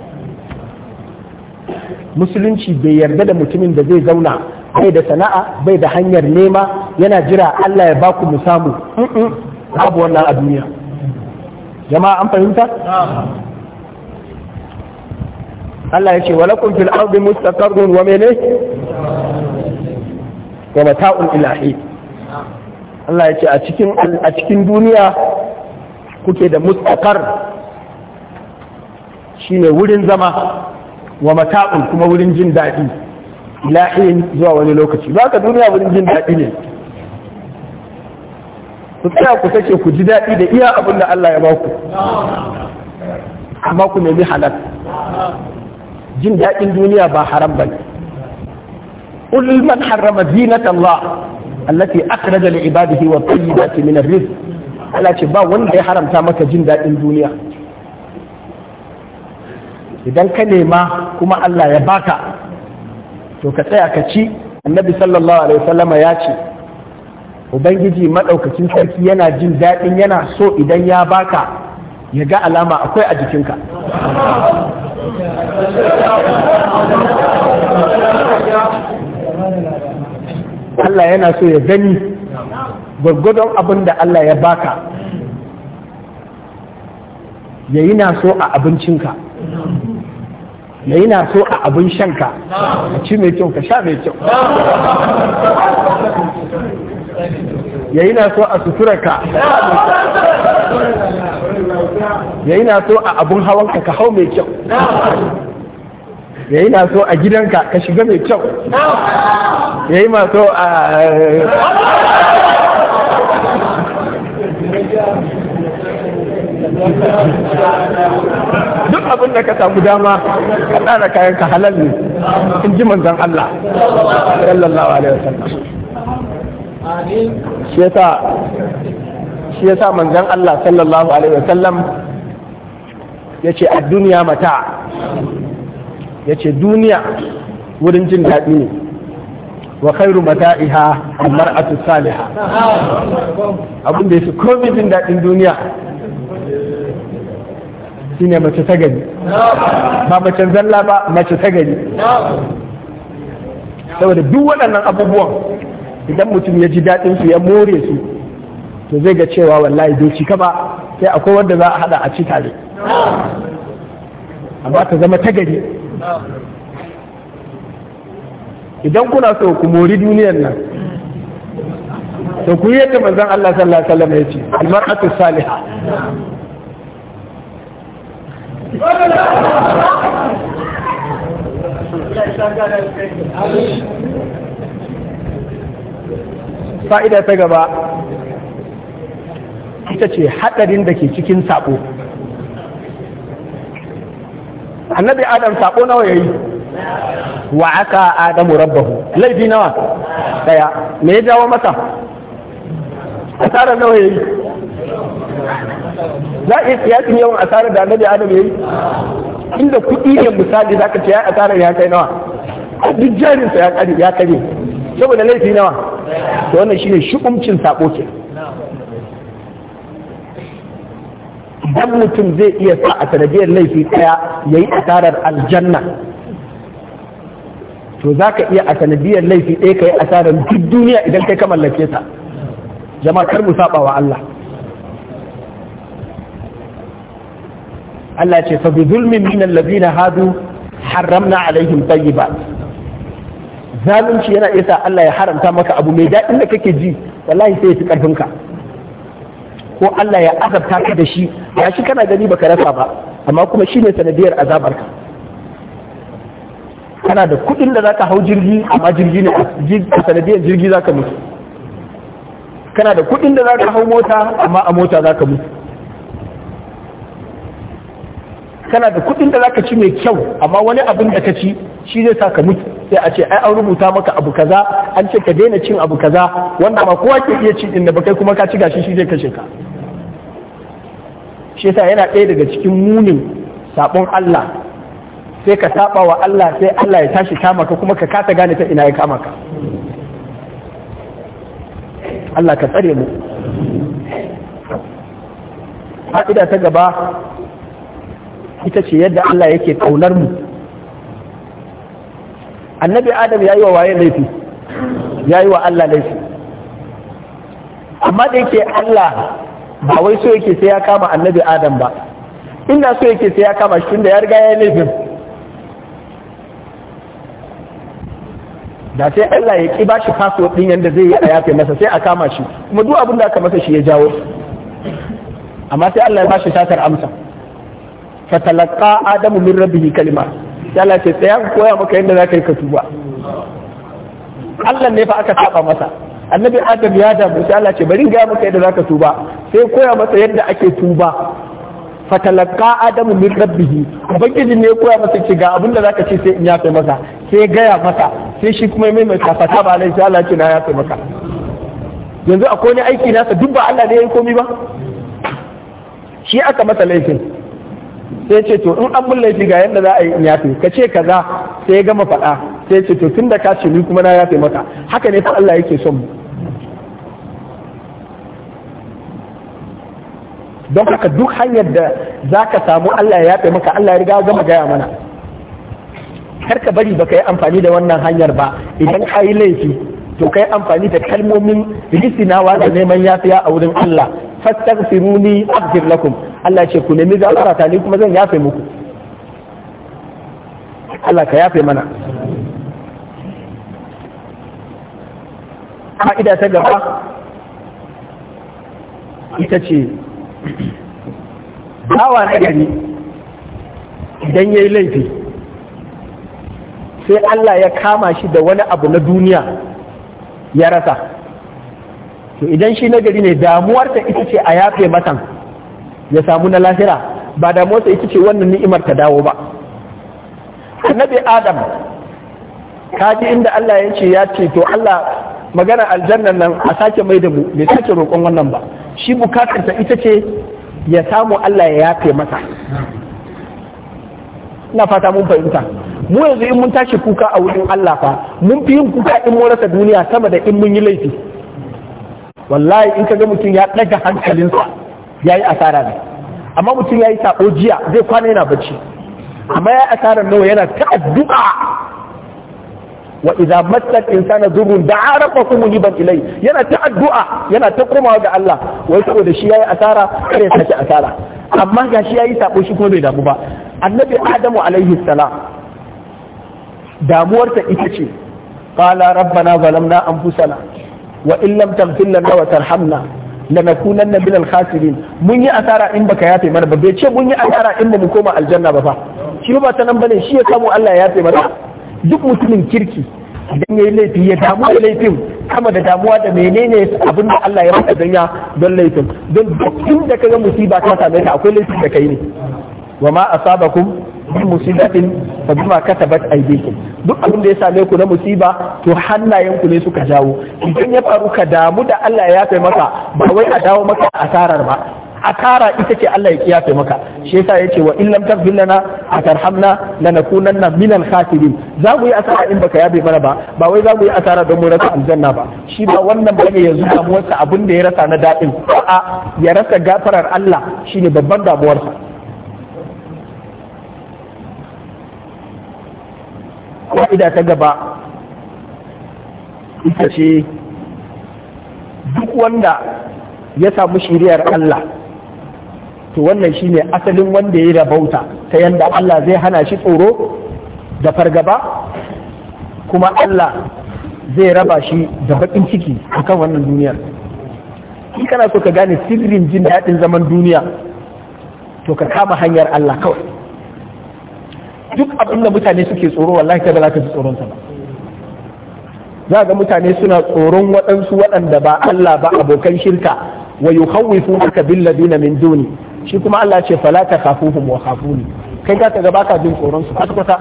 musulunci bai yarda da mutumin da zai zauna bai da sana'a bai da hanyar nema yana jira Allah ya baku mu samu babu wannan a duniya jama'a an fahimta Allah ya ce wa lakum fil ardi mustaqarrun wa mene wa mata'un ilahi Allah ya ce a cikin a cikin duniya kuke da mustaqar shine wurin zama wa mata'un kuma wurin jin daɗi la'in zuwa wani lokaci ba ka duniya wurin jin daɗi ne ku tsaya ku sake ku ji daɗi da iya abin da Allah ya baku amma ku nemi halal jin daɗin duniya ba haram ba ne قل من حرم زينة الله التي أخرج لعباده والطيبات من الرزق ألا تبا وين حرمتا مكة جن دائم دنيا idan ka nema kuma Allah ya baka to ka tsaya ka ci annabi sallallahu alaihi wasallama ya ce ubangiji madaukakin sarki yana jin daɗin yana so idan ya baka ya ga alama akwai a jikinka Allah yana so ya gani gwargwadon abin da Allah ya baka ya yi na so a abincinka da yana so a abin shanka a ci mai kyau ka sha mai kyau ya na so a suturarka ya na so a abin hawanka ka hau mai kyau ya yi so a gidanka ka shiga mai kyau ya yi so a duk abin da ka samu dama ka tsara kayan ka halal ne in ji manzan Allah sallallahu alaihi wasallam shi yasa shi yasa Allah sallallahu alaihi wasallam yace a duniya mata yace duniya wurin jin daɗi ne wa khairu mata'iha al-mar'atu salihah abin da yake komai jin daɗin duniya shine mace ta gari ba mace zalla ba mace ta gari saboda duk waɗannan abubuwan idan mutum ya ji daɗin su ya more su to zai ga cewa wallahi bai cika ba sai akwai wanda za a hada a ci tare amma ta zama ta gari idan kuna so ku mori duniyar nan to ku yi yadda manzon Allah sallallahu alaihi wasallam ya ce almar'atu saliha fa'ida ta gaba ita ce haɗarin da ke cikin saɓo annabi adam saɓo nawa ya yi wa aka adamu rabbahu laifi nawa ɗaya me ya jawo masa tsara nawa ya yi za a iya yawan asarar da annabi adam ya yi inda kuɗi ne misali za ka ce ya asarar ya kai nawa duk jarinsa ya kare ya kare saboda laifi nawa to wannan shine shukumcin sako ke dan mutum zai iya sa a sanadiyar laifi ɗaya ya asarar aljanna to za ka iya a sanadiyar laifi ɗaya ka yi asarar duk duniya idan kai ka mallake ta jama'a kar mu saba Allah Allah ce fa bi zulmin min allazina hadu haramna alaihim tayyibat zalunci yana isa Allah ya haramta maka abu mai daɗin da kake ji wallahi sai ya fi karfinka? ko Allah ya azabta ka da shi ya shi kana gani baka rasa ba amma kuma shi ne sanadiyar azabarka kana da kuɗin da zaka hau jirgi amma jirgi ne sanadiyar jirgi zaka mutu kana da kuɗin da zaka hau mota amma a mota zaka mutu kana da kuɗin da zaka ci mai kyau amma wani abin da ka ci shi zai saka mutu sai a ce ai an rubuta maka abu kaza an ce ka daina cin abu kaza wanda ba kowa ke iya ci din da ba kai kuma ka ci gashi shi zai kashe ka shi yasa yana ɗaya daga cikin munin sabon Allah sai ka saba wa Allah sai Allah ya tashi kama ka kuma ka kasa gane ta ina ya kama ka Allah ka tsare mu fa'ida ta gaba ita ce yadda Allah yake kaunar mu annabi adam ya yi wa waye laifi ya yi wa Allah laifi amma da yake Allah ba wai so yake sai ya kama annabi adam ba inda so yake sai ya kama shi tunda ya riga ya yi laifin da sai Allah ya ki ba shi password din yanda zai yi a yafe masa sai a kama shi kuma duk abin da aka masa shi ya jawo amma sai Allah ya bashi shatar amsa fatalaka adamu min rabbihi kalima ya Allah ce tsaya koya maka yadda za ka yi ka tuba Allah ne fa aka saba masa annabi adam ya damu mu Allah ce bari ga maka yadda za ka tuba sai koya masa yadda ake tuba fatalaka adamu min rabbihi ubangiji ne koya masa ce ga abin da zaka ce sai in yafe masa sai gaya masa sai shi kuma mai mai kafata ba lai Allah ce na yafe maka yanzu akwai ne aiki nasa duk ba Allah ne ya yi komai ba shi aka masa laifin sai ce to in an laifi ga yadda za a yi yafi ka ce kaza sai ya gama faɗa sai ce to tunda ka ce ni kuma na yafe maka haka ne fa Allah yake son mu don haka duk hanyar da za ka samu Allah ya yafe maka Allah ya riga gama gaya mana kar ka bari baka yi amfani da wannan hanyar ba idan ka yi laifi to kai amfani da kalmomin risinawa da neman yafiya a wurin Allah fastaghfiruni aghfir lakum Allah ce ku nemi gafara ta ni kuma zan yafe muku Allah ka yafe mana ida ta gaba ita ce bawa na gari idan ya yi laifi sai Allah ya kama shi da wani abu na duniya ya rasa to idan shi na gari ne damuwarta ita ce a yafe matan ya samu na lahira ba da motsa ita ce wannan ni'imar ta dawo ba annabi adam kaji inda Allah ya ce ya ce to Allah magana aljannan nan a sake mai da mu bai sake roƙon wannan ba shi ta ita ce ya samu Allah ya yafe masa ina fata mun fahimta mu yanzu in mun tashi kuka a wurin Allah fa mun fi yin kuka in mun rasa duniya sama da in mun yi laifi wallahi in ka ga mutum ya ɗaga hankalinsa ya yi asara ne amma mutum ya yi sabo jiya zai kwana yana bacci amma ya yi asara nawa yana ta'addu'a wa idza matta insana dhurrun da'a rabbakum muniban ilai yana ta'addu'a yana ta komawa ga Allah wai saboda shi yayi asara kare ya sake asara amma ga shi yayi sabo shi kuma bai damu ba annabi adamu alaihi salam damuwarsa ita ce qala rabbana zalamna anfusana wa in lam lana wa tarhamna lanakunan na minal khasirin mun yi asara in baka yafe mana ba bai ce mun yi asara in ba mu koma aljanna ba fa shi ba ta nan bane shi ya samu Allah ya yafe mana duk mutumin kirki idan yayi laifi ya damu da laifin kama da damuwa da menene abin da Allah ya maka danya don laifin don duk inda kaga musiba ta same ka akwai laifin da kai ne wa ma asabakum bi musibatin fa bima katabat aydikum duk abin da ya same ku na musiba to hannayen ku ne suka jawo idan ya faru ka damu da Allah ya yafe maka ba wai a dawo maka asarar ba asara ita ce Allah ya kiyafe maka shi yasa yace wa in lam a lana atarhamna lanakunanna minal khasirin za mu yi asara in baka yabe mana ba ba wai za mu yi asara don mu rasa aljanna ba shi ba wannan bane yanzu damuwarsa abin da ya rasa na dadin a'a ya rasa gafarar Allah shine babban damuwarsa ƙa'ida ta gaba ita ce duk wanda ya samu shiriyar Allah to wannan shine asalin wanda ya rabauta ta yanda Allah zai hana shi tsoro da fargaba kuma Allah zai raba shi da baƙin ciki a kan wannan duniyar in kana so ka gane sirrin jin daɗin zaman duniya to ka kama hanyar Allah kawai duk abin da mutane suke tsoro wallahi kai ba za ka ji tsoron sa ba za ga mutane suna tsoron waɗansu waɗanda ba Allah ba abokan shirka wa yukhawifunaka billadina min duni shi kuma Allah ce fala takhafuhum wa khafuni kai ka ga baka jin tsoron su kwata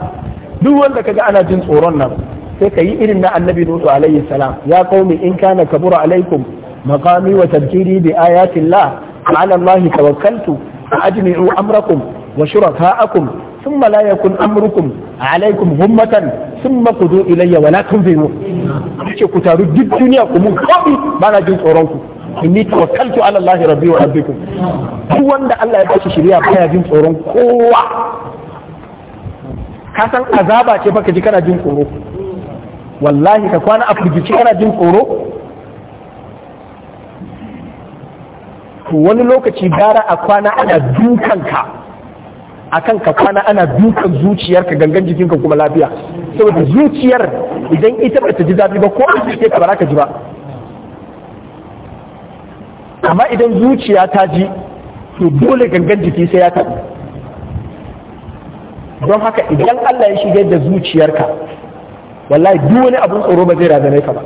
duk wanda kaga ana jin tsoron nan sai ka yi irin na annabi nuhu alayhi salam ya qaumi in kana kabura alaikum maqami wa tafkiri bi ayati llah ala allah tawakkaltu ajmi'u amrakum wa shurakaakum ثم لا يكن أمركم عليكم همة ثم قدوا إلي ولا تنظروا أمشي كتارو جد دنيا كمون قبي بانا جنس أورانكم إني توكلت على الله ربي وربكم هو أن الله يباشي شريعة بانا جنس أورانكم قوة كاسل أذابا تبكي جكنا جنس أورانكم wallahi ka kwana a firgici kana jin tsoro wani lokaci gara a kwana ana dukanka akan ka kwana ana dukan zuciyarka gangan jikinka kuma lafiya saboda zuciyar idan ita ba ta ji zafi ba ko an ce ka ba ka ji ba amma idan zuciya ta ji to dole gangan jiki sai ya taɓa don haka idan Allah ya shiga da zuciyarka wallahi duk wani abun tsoro ba zai razane ka ba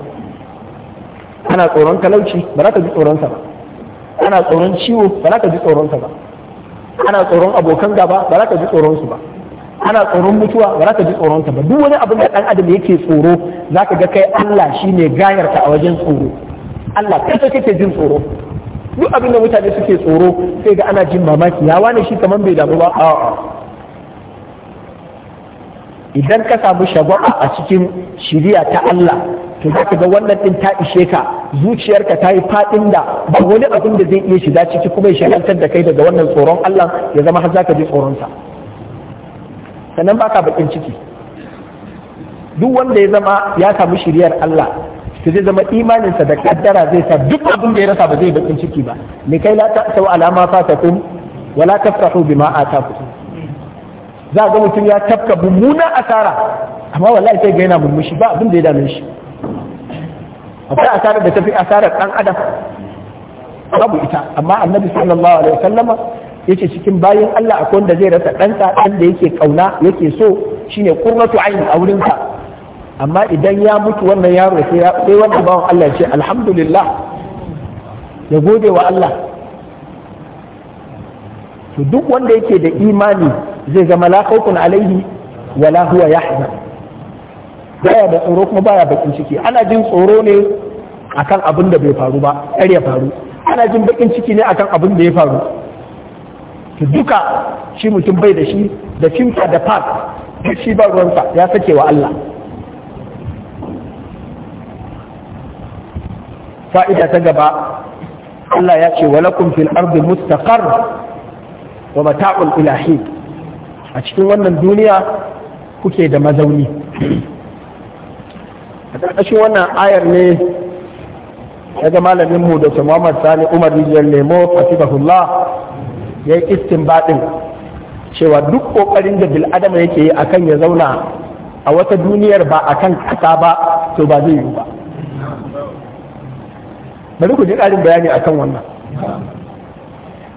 ana tsoron talauci ba za ka ji tsoronsa ba ana tsoron ciwo ba za ka ji tsoronsa ba ana tsoron abokan gaba ba za ka ji tsoron su ba ana tsoron mutuwa ba za ka ji tsoron ta ba duk wani abin da dan adam yake tsoro za ka ga kai Allah shine gayar ka a wajen tsoro Allah kai sai kake jin tsoro duk abin da mutane suke tsoro sai ga ana jin mamaki ya wani shi kaman bai damu ba a'a idan ka samu shagwa a cikin shiriya ta Allah to za ka ga wannan din ta ishe ka zuciyarka ta yi faɗin da ba wani abin da zai iya shiga ciki kuma ya shagaltar da kai daga wannan tsoron Allah ya zama har za ka ji tsoronsa sannan ba ka bakin ciki duk wanda ya zama ya samu shiriyar Allah to zai zama imaninsa da kaddara zai sa duk abin da ya rasa ba zai bakin ciki ba me kai la ta'tau ala ma fatakum wala tafrahu bima atakum za ga mutum ya tafka mummuna asara amma wallahi sai ga yana murmushi ba abin da ya dame shi akwai asarar da fi asarar dan adam babu ita amma annabi sallallahu alaihi wasallama yace cikin bayin Allah akwai wanda zai rasa ɗansa ɗan da yake kauna yake so shine qurratu aini a wurin sa amma idan ya mutu wannan yaro sai ya sai wannan bawan Allah ya ce alhamdulillah ya gode wa Allah to duk wanda yake da imani zai zama la khawfun alaihi wala huwa yahzan baya da tsoro kuma baya bakin ciki ana jin tsoro ne akan abin da bai faru ba kar ya faru ana jin bakin ciki ne akan abin da ya faru to duka shi mutum bai da shi da cinta da fat shi ba ruwansa ya sake wa Allah fa'ida ta gaba Allah ya ce walakum fil ardi mustaqar wa mata'ul ilahi a cikin wannan duniya kuke da mazauni a ƙarƙashin wannan ayar ne daga malamin mu da Muhammad Sani Umar Rijiyar Lemo Fatibahullah ya yi baɗin cewa duk ƙoƙarin da bil'adama yake yi akan ya zauna a wata duniyar ba akan ƙasa ba to ba zai yi ba bari ku ji ƙarin bayani akan wannan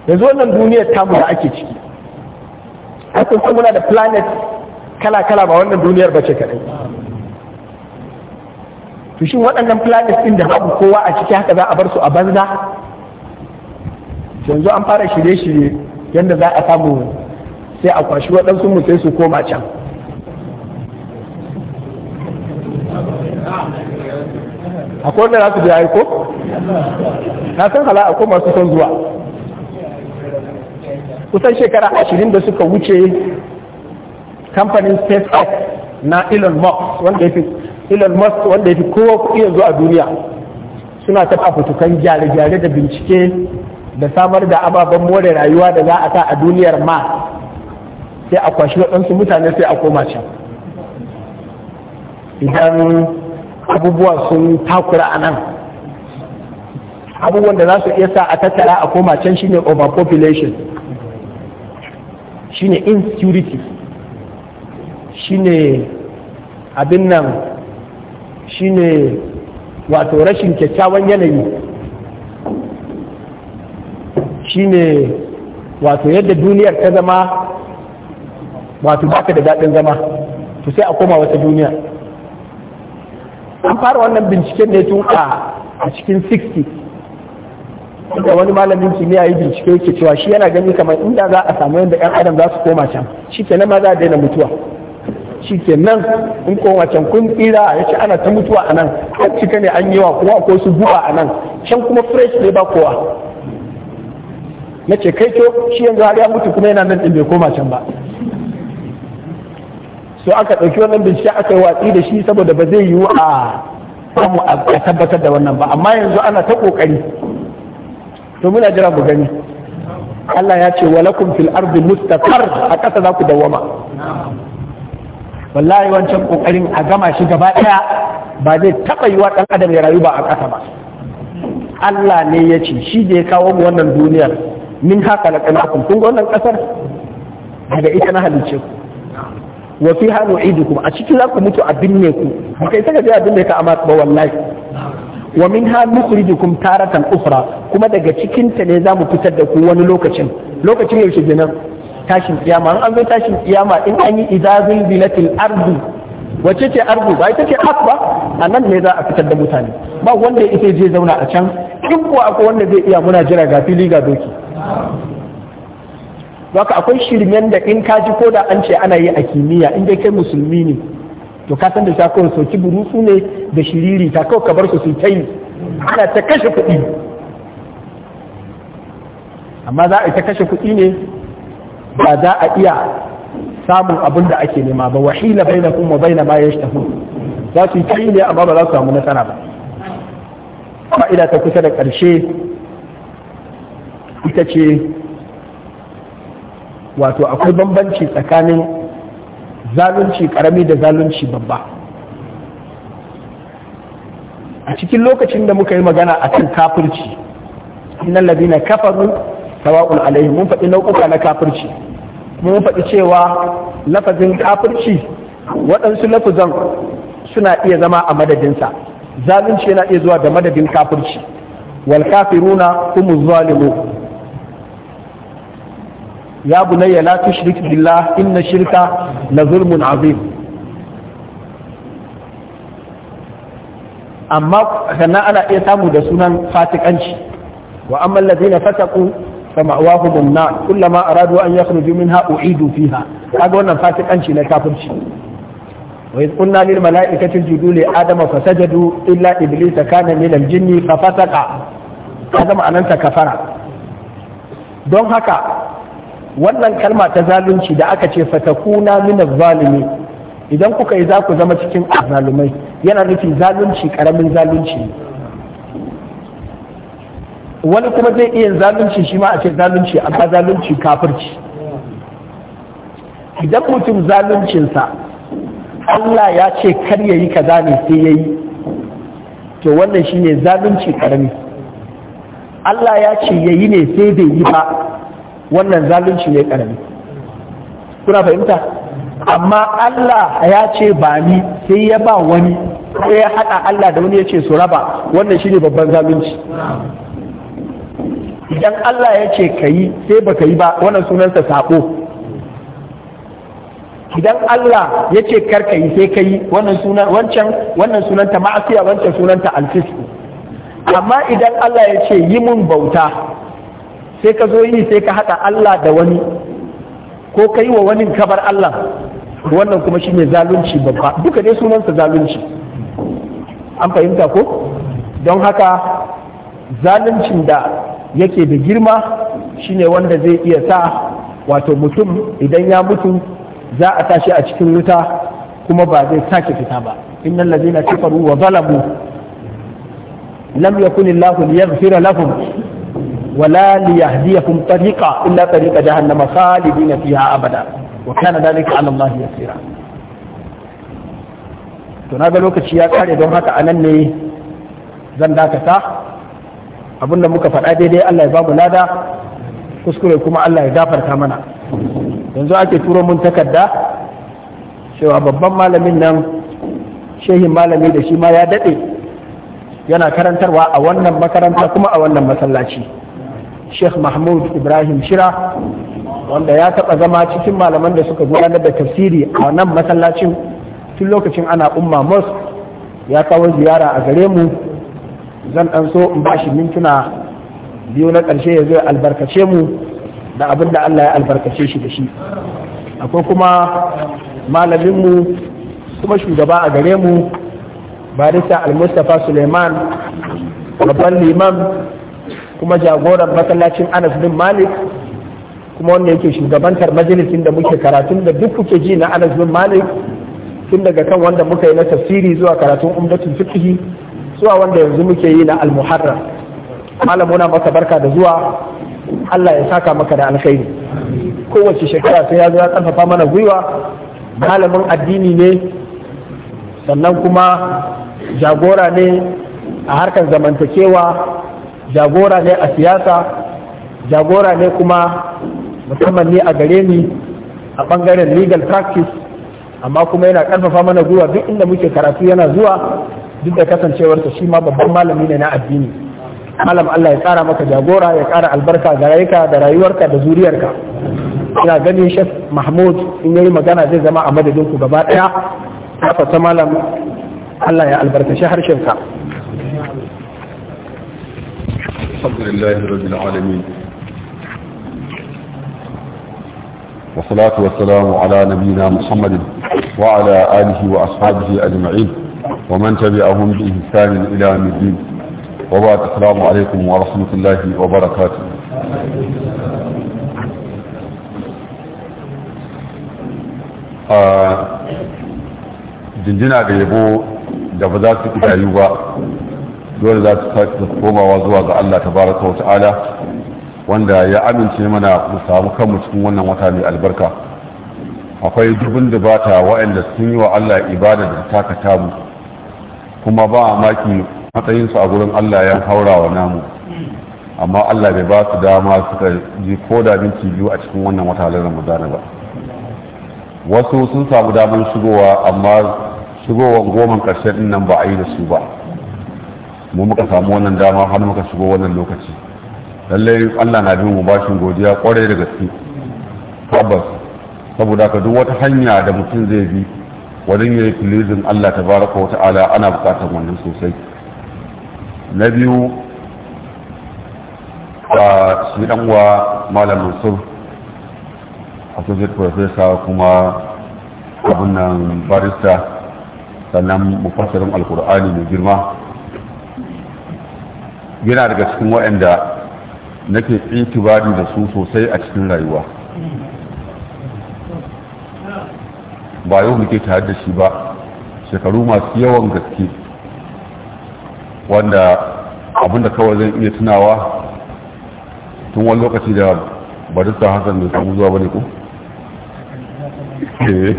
yanzu wannan duniyar tamu da ake ciki a muna da planet kala-kala ba wannan duniyar ba ce kaɗai to shin waɗannan planets ɗin da babu kowa a ciki haka za a bar su a banza yanzu an fara shirye-shirye yadda za a samu sai a kwashi waɗansu mu sai su koma can akwai wanda za su biya ko na san hala koma masu son zuwa kusan shekara ashirin da suka wuce kamfanin spacex na elon musk wanda ya fi Elon Musk wanda ya fi kowa kuɗi yanzu a duniya suna ta fafutukan gyare-gyare da bincike da samar da ababen more rayuwa da za a ta a duniyar ma sai a kwashi waɗansu mutane sai a koma can idan abubuwa sun takura a nan abubuwan da za su iya sa a tattara a koma can shine overpopulation shine insecurity shine abin nan shine wato rashin kyakkyawan yanayi shine wato yadda duniyar ta zama wato baka da daɗin zama to sai a koma wata duniya an fara wannan binciken ne tun a cikin 60 inda wani malamin kimiyya yi bincike yake cewa shi yana gani kamar inda za a samu yadda 'yan adam za su koma can shi ke ma za a daina mutuwa shi ke nan in ko wacan kun tsira ya ce ana ta mutuwa a nan an cika ne an yi yawa kuma ko su buwa a nan can kuma fresh ne ba kowa na ce kai to shi yanzu har ya mutu kuma yana nan ɗin bai koma can ba so aka ɗauki wannan bincike aka yi watsi da shi saboda ba zai yiwu a kanmu a tabbatar da wannan ba amma yanzu ana ta ƙoƙari to muna jira mu gani Allah ya ce walakum fil ardi mustaqar a ƙasa za ku dawwama wallahi wancan kokarin a gama shi gaba daya ba zai taba wa dan adam ya rayu ba a kasa ba Allah ne ya ce shi da ya kawo mu wannan duniyar min haka na kanakun kun ga wannan ƙasar daga ita na halice ku wa fi hanu idukum a cikin za ku mutu a binne ku ba kai saka je a binne ka amma ba wallahi wa min ha nukhrijukum taratan ukhra kuma daga cikin ta ne za mu fitar da ku wani lokacin lokacin yaushe kenan tashin kiyama an zo tashin kiyama in an yi idza zulzilatil ardu wace ce ardu ba ita ce ak ba a nan ne za a fitar da mutane ba wanda ya je zauna a can in kuwa akwai wanda zai iya muna jira ga fili ga doki Waka akwai shirmen da in kaji ko da an ce ana yi a kimiyya in dai kai musulmi ne to ka san da ta kawai soki burusu ne da shiriri ta kawai ka bar su su ta yi ana ta kashe kuɗi amma za a ta kashe kuɗi ne ba za a iya samun abin da ake nema ba wahila bai na kuma bai na ma ya shahu za su yi ne amma ba za su samu nasara ba fa'ida ta kusa da ƙarshe ita ce wato akwai bambanci tsakanin zalunci karami da zalunci babba a cikin lokacin da muka yi magana a kan kafirci innal ladina kafaru sawa'un alaihi mun faɗi nau'uka na kafirci mun faɗi cewa lafazin kafirci waɗansu lafazan suna iya zama a madadinsa zalunci yana iya zuwa da madadin kafirci wal kafiruna humu zalimu ya bunayya la tushrik billah inna shirka la zulmun azim amma sannan ana iya samu da sunan fasikanci wa amma allazina fataku فمأواهم النار كلما أرادوا أن يخرجوا منها أعيدوا فيها هذا وانا فاتق أنشي لكافرشي وإذ قلنا للملائكة اسجدوا لآدم فسجدوا إلا إبليس كان من الجن ففسق هذا معنى أنت كفر دون هكا wannan kalma ta zalunci da aka ce fatakuna min zalimi idan kuka yi za ku zama cikin azalumai yana nufi zalunci karamin zalunci ne wani kuma zai iya zalunci shi ma a ce zalunci amma zalunci kafirci idan mutum zaluncinsa Allah ya ce kar ya yi kaza ne sai ya yi to wannan shi ne zalunci karami Allah ya ce ya yi ne sai bai yi ba wannan zalunci ne karami kuna fahimta amma Allah ya ce ba ni sai ya ba wani sai ya haɗa Allah da wani ya ce su raba wannan shi ne babban zalunci idan Allah ya ce ka yi sai ba ka yi ba wannan sunansa saƙo idan Allah ya ce kar ka yi sai ka yi wannan sunan wancan wannan sunanta ma'asiya wancan sunanta alfisku amma idan Allah ya ce yi mun bauta sai ka zo yi sai ka haɗa Allah da wani ko ka yi wa wani kabar Allah wannan kuma shi ne zalunci babba duka dai sunansa zalunci an fahimta ko don haka zaluncin da yake da girma shine wanda zai iya sa wato mutum idan ya mutu za a tashi a cikin wuta kuma ba zai sake fita ba innal ladina kafaru wa zalamu lam yakun illahu liyaghfira lahum ولا ليهديكم طريقا إلا طريق جهنم خالدين فيها أبدا وكان ذلك على الله yasira. to na ga lokaci ya kare don haka anan ne zan dakata abin da muka faɗa daidai Allah ya ba mu lada kuskure kuma Allah ya gafarta mana yanzu ake turo mun takarda cewa babban malamin nan shehin malami da shi ma ya daɗe yana karantarwa a wannan makaranta kuma a wannan masallaci sheikh mahmud ibrahim shira wanda ya taɓa zama cikin malaman da suka gudanar da tafsiri a nan masallacin tun lokacin ana umma mosque ya kawo ziyara a gare mu zan ɗan so in ba shi mintuna biyu na ƙarshe ya zai albarkace mu da abin da Allah ya albarkace shi da shi akwai kuma malaminmu kuma shugaba a gare mu barista al-mustapha suleiman babban liman kuma jagoran masallacin anas bin malik kuma wanda yake shugabantar majalisin da muke karatun da duk kuke ji na anas bin malik tun daga kan wanda muka yi na tafsiri zuwa karatun umdatul fiqhi zuwa wanda yanzu muke yi na almuharram malam muna maka barka da zuwa Allah ya saka maka da alkhairi kowace shekara sai ya zo ya karfafa mana gwiwa malamin addini ne sannan kuma jagora ne a harkar zamantakewa jagora ne a siyasa jagora ne kuma musamman ne a gare ni a bangaren legal practice amma kuma yana karfafa mana gwiwa duk inda muke karatu yana zuwa duk da kasancewarsa shi ma babban malami ne na addini malam Allah ya kara maka jagora ya kara albarka ga rayuka da rayuwarka da zuriyarka ina ganin Sheikh Mahmud in yayi magana zai zama a madadin ku gaba daya haka ta malam Allah ya albarkaci harshen ka alhamdulillah rabbil alamin والصلاة والسلام على نبينا محمد وعلى آله وأصحابه أجمعين ومن تبعهم بإحسان إلى يوم الدين وبعد السلام عليكم ورحمة الله وبركاته jinjina da yabo da ba za su idayu ba dole za su sake komawa zuwa ga Allah baraka wa ta'ala wanda ya amince mana mu samu kanmu cikin wannan wata mai albarka akwai dubin da bata waɗanda sun yi wa Allah ibada da taka tamu kuma ba a maki matsayinsu a gurin Allah ya haura wa namu amma Allah bai ba su dama suka ji ko da minti biyu a cikin wannan wata halin Ramadana ba wasu sun samu damar shigowa amma shigowar goma karshe din nan ba a yi da su ba mu muka samu wannan dama har muka shigo wannan lokaci lallai Allah na bi mu bashin godiya kwarai da gaske tabbas saboda ka duk wata hanya da mutum zai bi wajen yi filizin Allah baraka wa ta'ala ana bukatar wannan sosai na biyu a su dan wa malam mansur associate professor kuma abunan barista sannan mufassarin alkur'ani mai girma yana daga cikin waɗanda nake itibari da su sosai a cikin rayuwa ba yau muke tare da shi ba shekaru masu yawan gaske wanda abinda kawai zan iya tunawa tun wani lokaci da barista hassan da samu zuwa bane ko? Eh.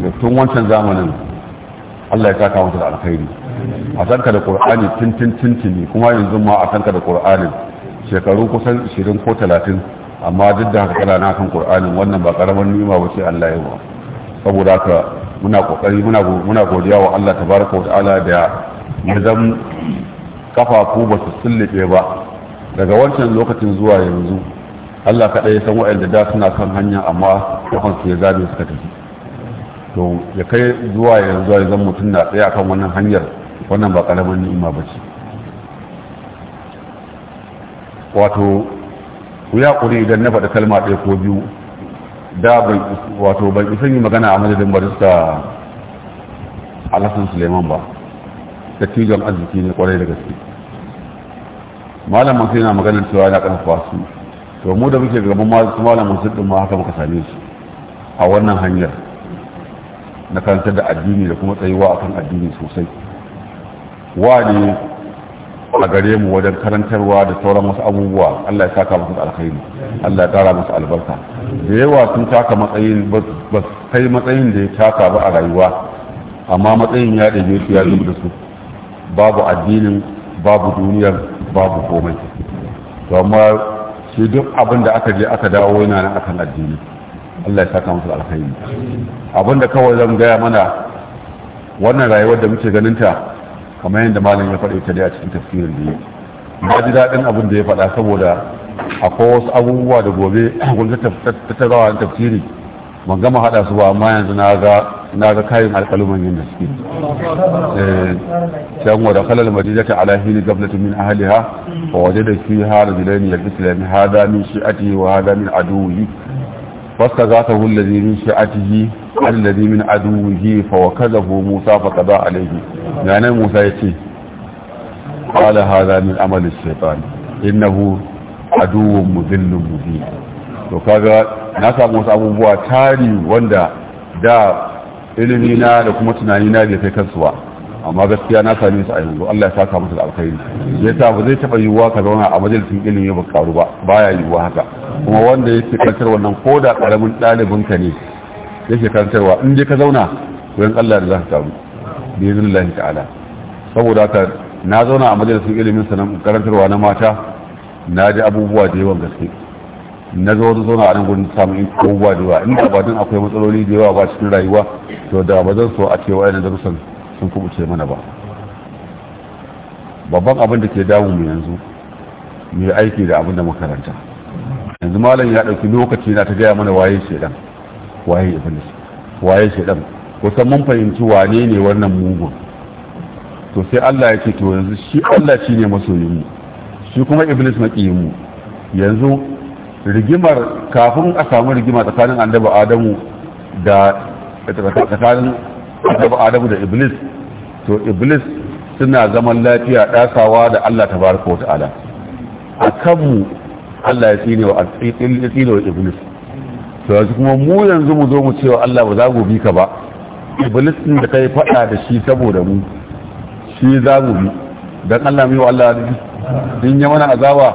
da tun wancan zamanin allah ya kaka mata da alkhairi a sanka da ƙor'ani tintin tintini kuma yanzu ma a sanka da ƙor'anin shekaru kusan 20 ko 30 amma duk da haka kana na kan qur'anin wannan ba karaman nima ba sai Allah ya ba saboda haka muna kokari muna muna godiya wa Allah tabaraka wa ta'ala da ya kafafu ba su ba daga wancan lokacin zuwa yanzu Allah kaɗai ya san wa'anda da suna kan hanya amma kafan su ya zabe suka tafi to ya kai zuwa yanzu ya zan mutum na tsaye akan wannan hanyar wannan ba karamin ni'ima ba ce wato ku ya kuri idan na faɗi kalma ɗaya ko biyu da ban wato ban isa yi magana a madadin barista alhassan suleiman ba da tijon arziki ne kwarai da gaske malamin sai na cewa yana ƙarfafa su to mu da muke gaban masu malamin sun ɗin ma haka muka same su a wannan hanyar na karantar da addini da kuma tsayuwa akan addini sosai wa ne a gare mu wajen karantarwa da sauran wasu abubuwa Allah ya saka musu alkhairi Allah ya tara musu albarka da yawa sun taka matsayin ba kai matsayin da ya taka ba a rayuwa amma matsayin ya ɗage su ya zuba da su babu addinin babu duniyar babu komai to amma shi duk abin da aka je aka dawo yana nan akan addini Allah ya saka musu alkhairi abin da kawai zan gaya mana wannan rayuwar da muke ganin ta kamar yadda malam ya faɗi ta a cikin tafsirin da yake ba ji daɗin abin da ya faɗa saboda akwai wasu abubuwa da gobe wanda ta na tafsiri ban gama haɗa su ba amma yanzu na ga na kayan alƙaluman yin da suke eh, can wadda da kalal madinata ala hili gablatin min da wa hada fiha rajulan yalbisu lamin hada min shi'ati wa hada min yi. فاستغاثه الذي من شيعته الذي من عدوه فوكذه موسى فقضى عليه يعني موسى يتي قال هذا من عمل الشيطان إنه عدو مذل مبين وكذا نسى موسى أبوه تاري وندا دا ilimina da kuma tunanina bai kai kansu ba amma gaskiya na sami su a yanzu Allah ya saka musu da alkhairi ya sa ba zai taba yiwuwa ka zauna a majalisin ilimi ba karu ba baya yiwuwa haka kuma wanda yake karantar wannan ko da karamin ɗalibin ka ne yake karantarwa in je ka zauna wurin Allah da za ka samu bi iznillahi ta'ala saboda haka na zauna a majalisin ilimin sanan karantarwa na mata na ji abubuwa da yawan gaske na zo wata zauna a nan gudun samun abubuwa da yawa inda ba don akwai matsaloli da yawa ba cikin rayuwa to da ba zan so a cewa yana darussan sun kubuce mana ba babban abin da ke damu mu yanzu mu yi aiki da abin da makaranta yanzu malam ya ɗauki lokaci na ta gaya mana waye shaidan waye iblis waye shaidan kusan mun fahimci wane ne wannan mugun to sai Allah ya ce to yanzu shi Allah shi ne masoyin mu shi kuma iblis maƙiyin mu yanzu rigimar kafin a samu rigima tsakanin annabi adamu da tsakanin adabu adamu da iblis to iblis suna zaman lafiya ɗasawa da Allah tabaraka wata'ala a kanmu Allah ya tsine wa tsine wa iblis to yanzu kuma mu yanzu mu zo mu cewa Allah ba za mu bi ka ba iblis din da kai faɗa da shi saboda mu shi za mu bi dan Allah mu yi wa Allah din ya mana azaba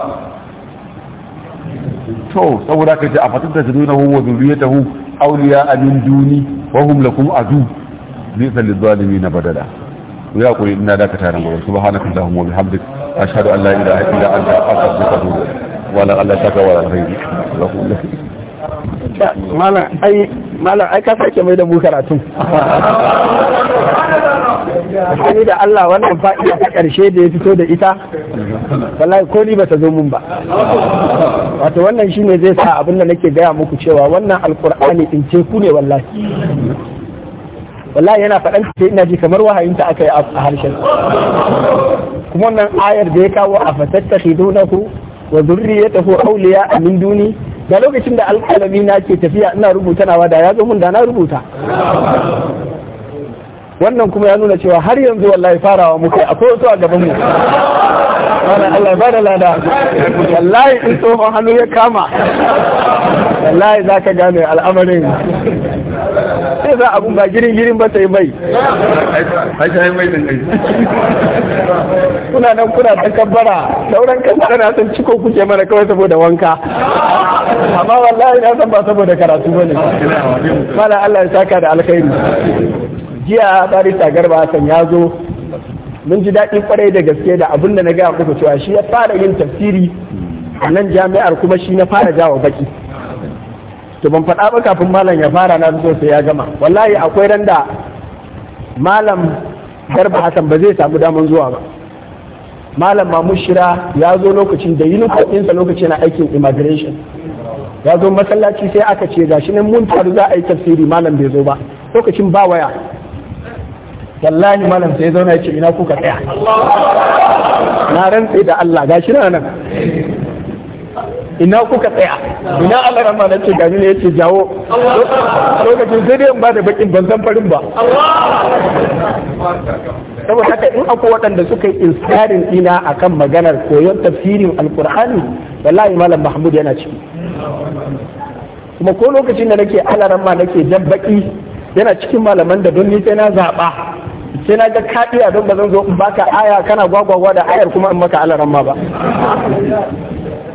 to saboda kace a fatanta hu, wa zuriyatahu awliya min duni wa hum lakum adu ليس للظالمين na ويا قول إنا ina dakata nan سبحانك subhanaka وبحمدك أشهد أن لا إله إلا أنت illa anta ولا wa atubu ilaik wala Allah ta malam ai malam mai da mu da Allah wannan fa'ida a ƙarshe da ya fito da ita, wallahi ko ni ba ta zo mun ba. Wato wannan shine zai sa abin da nake gaya muku cewa wannan alkur'ani in ce ku ne wallahi. wallahi yana faɗan ce ina ji kamar wahayin ta aka yi a harshen kuma wannan ayar da ya kawo a fatattakhidunahu wa auliya a min duni da lokacin da alƙalami na ke tafiya ina rubuta nawa da ya zo mun da na rubuta wannan kuma ya nuna cewa har yanzu wallahi farawa muka akwai wasu a gaban mu wani Allah ba da lada wallahi in tsohon hannu ya kama wallahi za ka gane al'amarin sai za abun ba girin girin ba sai mai kuna nan kuna ta kabbara sauran kasa na san ciko kuke mana kawai saboda wanka amma wallahi na san ba saboda karatu ba bane mala Allah ya saka da alkhairi jiya barista garba hassan ya zo mun ji daɗi kwarai da gaske da abin da na gaya kuka cewa shi ya fara yin tafsiri a nan jami'ar kuma shi na fara jawo baki to ban faɗa ba kafin malam ya fara na zuwa sai ya gama wallahi akwai ran da malam garba Hassan ba zai samu daman zuwa ba malam mamu shira ya zo lokacin da uniform ɗinsa lokacin na aikin immigration ya zo masallaci sai aka ce gashi nan mun taru za a yi tafsiri malam bai zo ba lokacin ba waya wallahi malam sai zauna ya ce ina kuka tsaya na rantse da Allah gashi na nan ina kuka tsaya ina Allah rama na ce gani ne yace jawo lokacin sai dai in ba da bakin ban san farin ba saboda haka in akwai waɗanda suka yi insarin ina akan maganar koyon tafsirin alkur'ani wallahi malam mahmud yana ciki kuma ko lokacin da nake alaran ma nake jan baki yana cikin malaman da don ni sai na zaɓa sai na ga ka iya don ba zan zo ba baka aya kana gwagwagwa da ayar kuma in maka alaran ma ba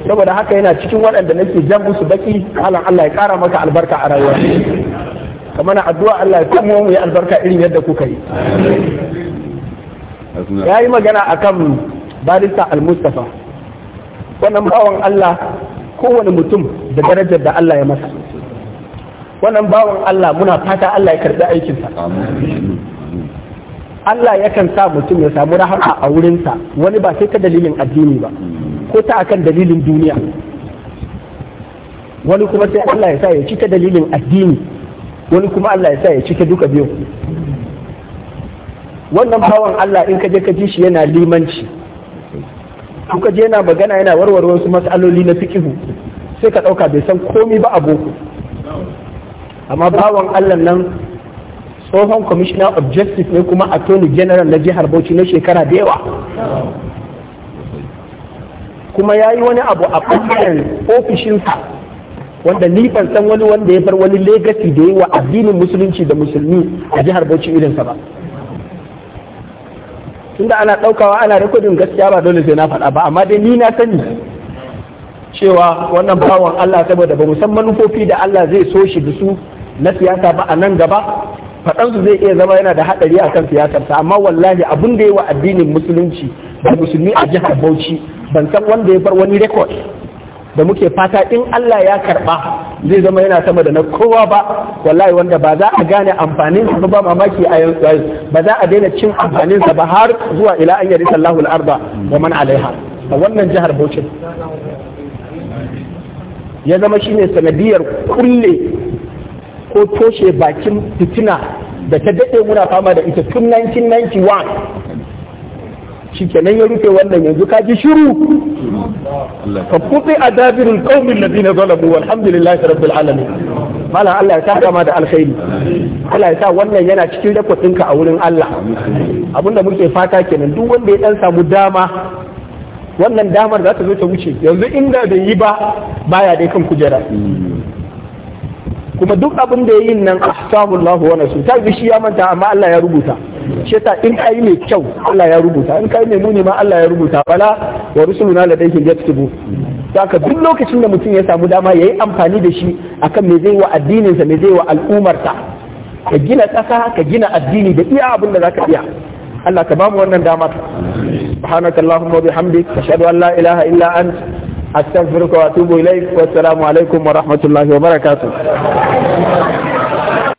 saboda haka yana cikin waɗanda nake jan musu baki alan Allah ya kara maka albarka a rayuwa kamar addu'a Allah ya kuma mu yi albarka irin yadda kuka yi ya yi magana a kan barista al-mustafa wannan bawan Allah kowane mutum da darajar da Allah ya masa wannan bawan Allah muna fata Allah ya karɓi aikinsa Allah yakan sa mutum ya samu rahama a wurinsa wani ba sai ta dalilin addini ba ko ta akan dalilin duniya wani kuma sai Allah ya sa ya cika dalilin addini wani kuma Allah ya sa ya cika duka biyu wannan bawan Allah in ka je ka ji shi yana limanci ko kaje yana magana yana warware wasu mas'aloli na fikihu sai ka ɗauka bai san komai ba a boko amma bawan Allah nan tsohon commissioner of justice ne kuma attorney general na jihar bauchi na shekara da yawa kuma ya yi wani abu a ɓangaren ofishinsa wanda ni san wani wanda ya bar wani legacy da yi wa addinin musulunci da musulmi a jihar bauchi irinsa ba tunda ana ɗaukawa ana rikodin gaskiya ba dole sai na faɗa ba amma dai ni na sani cewa wannan bawan Allah saboda ba san manufofi da Allah zai so shi da su na siyasa ba a nan gaba faɗansu zai iya zama yana da haɗari a kan siyasarsa amma wallahi abin da ya wa addinin musulunci da musulmi a jihar bauchi ban san wanda ya bar wani rekod da muke fata in Allah ya karɓa zai zama yana sama da na kowa ba wallahi wanda ba za a gane amfanin sa ba mamaki a yanzu ba za a daina cin amfanin sa ba har zuwa ila an yari sallahu al-arba wa man alaiha a wannan jihar bauchi ya zama shine sanadiyar kulle ko toshe bakin fitina da ta daɗe muna fama da ita tun 1991 shikenan ya rufe wannan yanzu ka ji shiru Ka kuɗi a dabirul ƙaumin lafi na zalabu walhamdulillahi rabbil alamin malam Allah ya sa kama da alkhairi Allah ya sa wannan yana cikin rakwatinka a wurin Allah abinda muke fata kenan duk wanda ya dan samu dama wannan damar za ta zo ta wuce yanzu inda da yi ba baya dai kan kujera kuma duk abin da ya yayin nan lahu wani nasu ta bi shi ya manta amma Allah ya rubuta shi ta in yi mai kyau Allah ya rubuta in yi mai muni ma Allah ya rubuta bala wa rusuluna ladayhi yaktubu ka duk lokacin da mutum ya samu dama ya yi amfani da shi akan me zai wa addininsa me zai wa al'umarsa ka gina ƙasa ka gina addini da iya abin da zaka iya Allah ka bamu wannan dama subhanakallahumma wa bihamdik ashhadu an la ilaha illa anta astaghfiruka wa atubu ilaik wa assalamu alaikum wa rahmatullahi wa barakatuh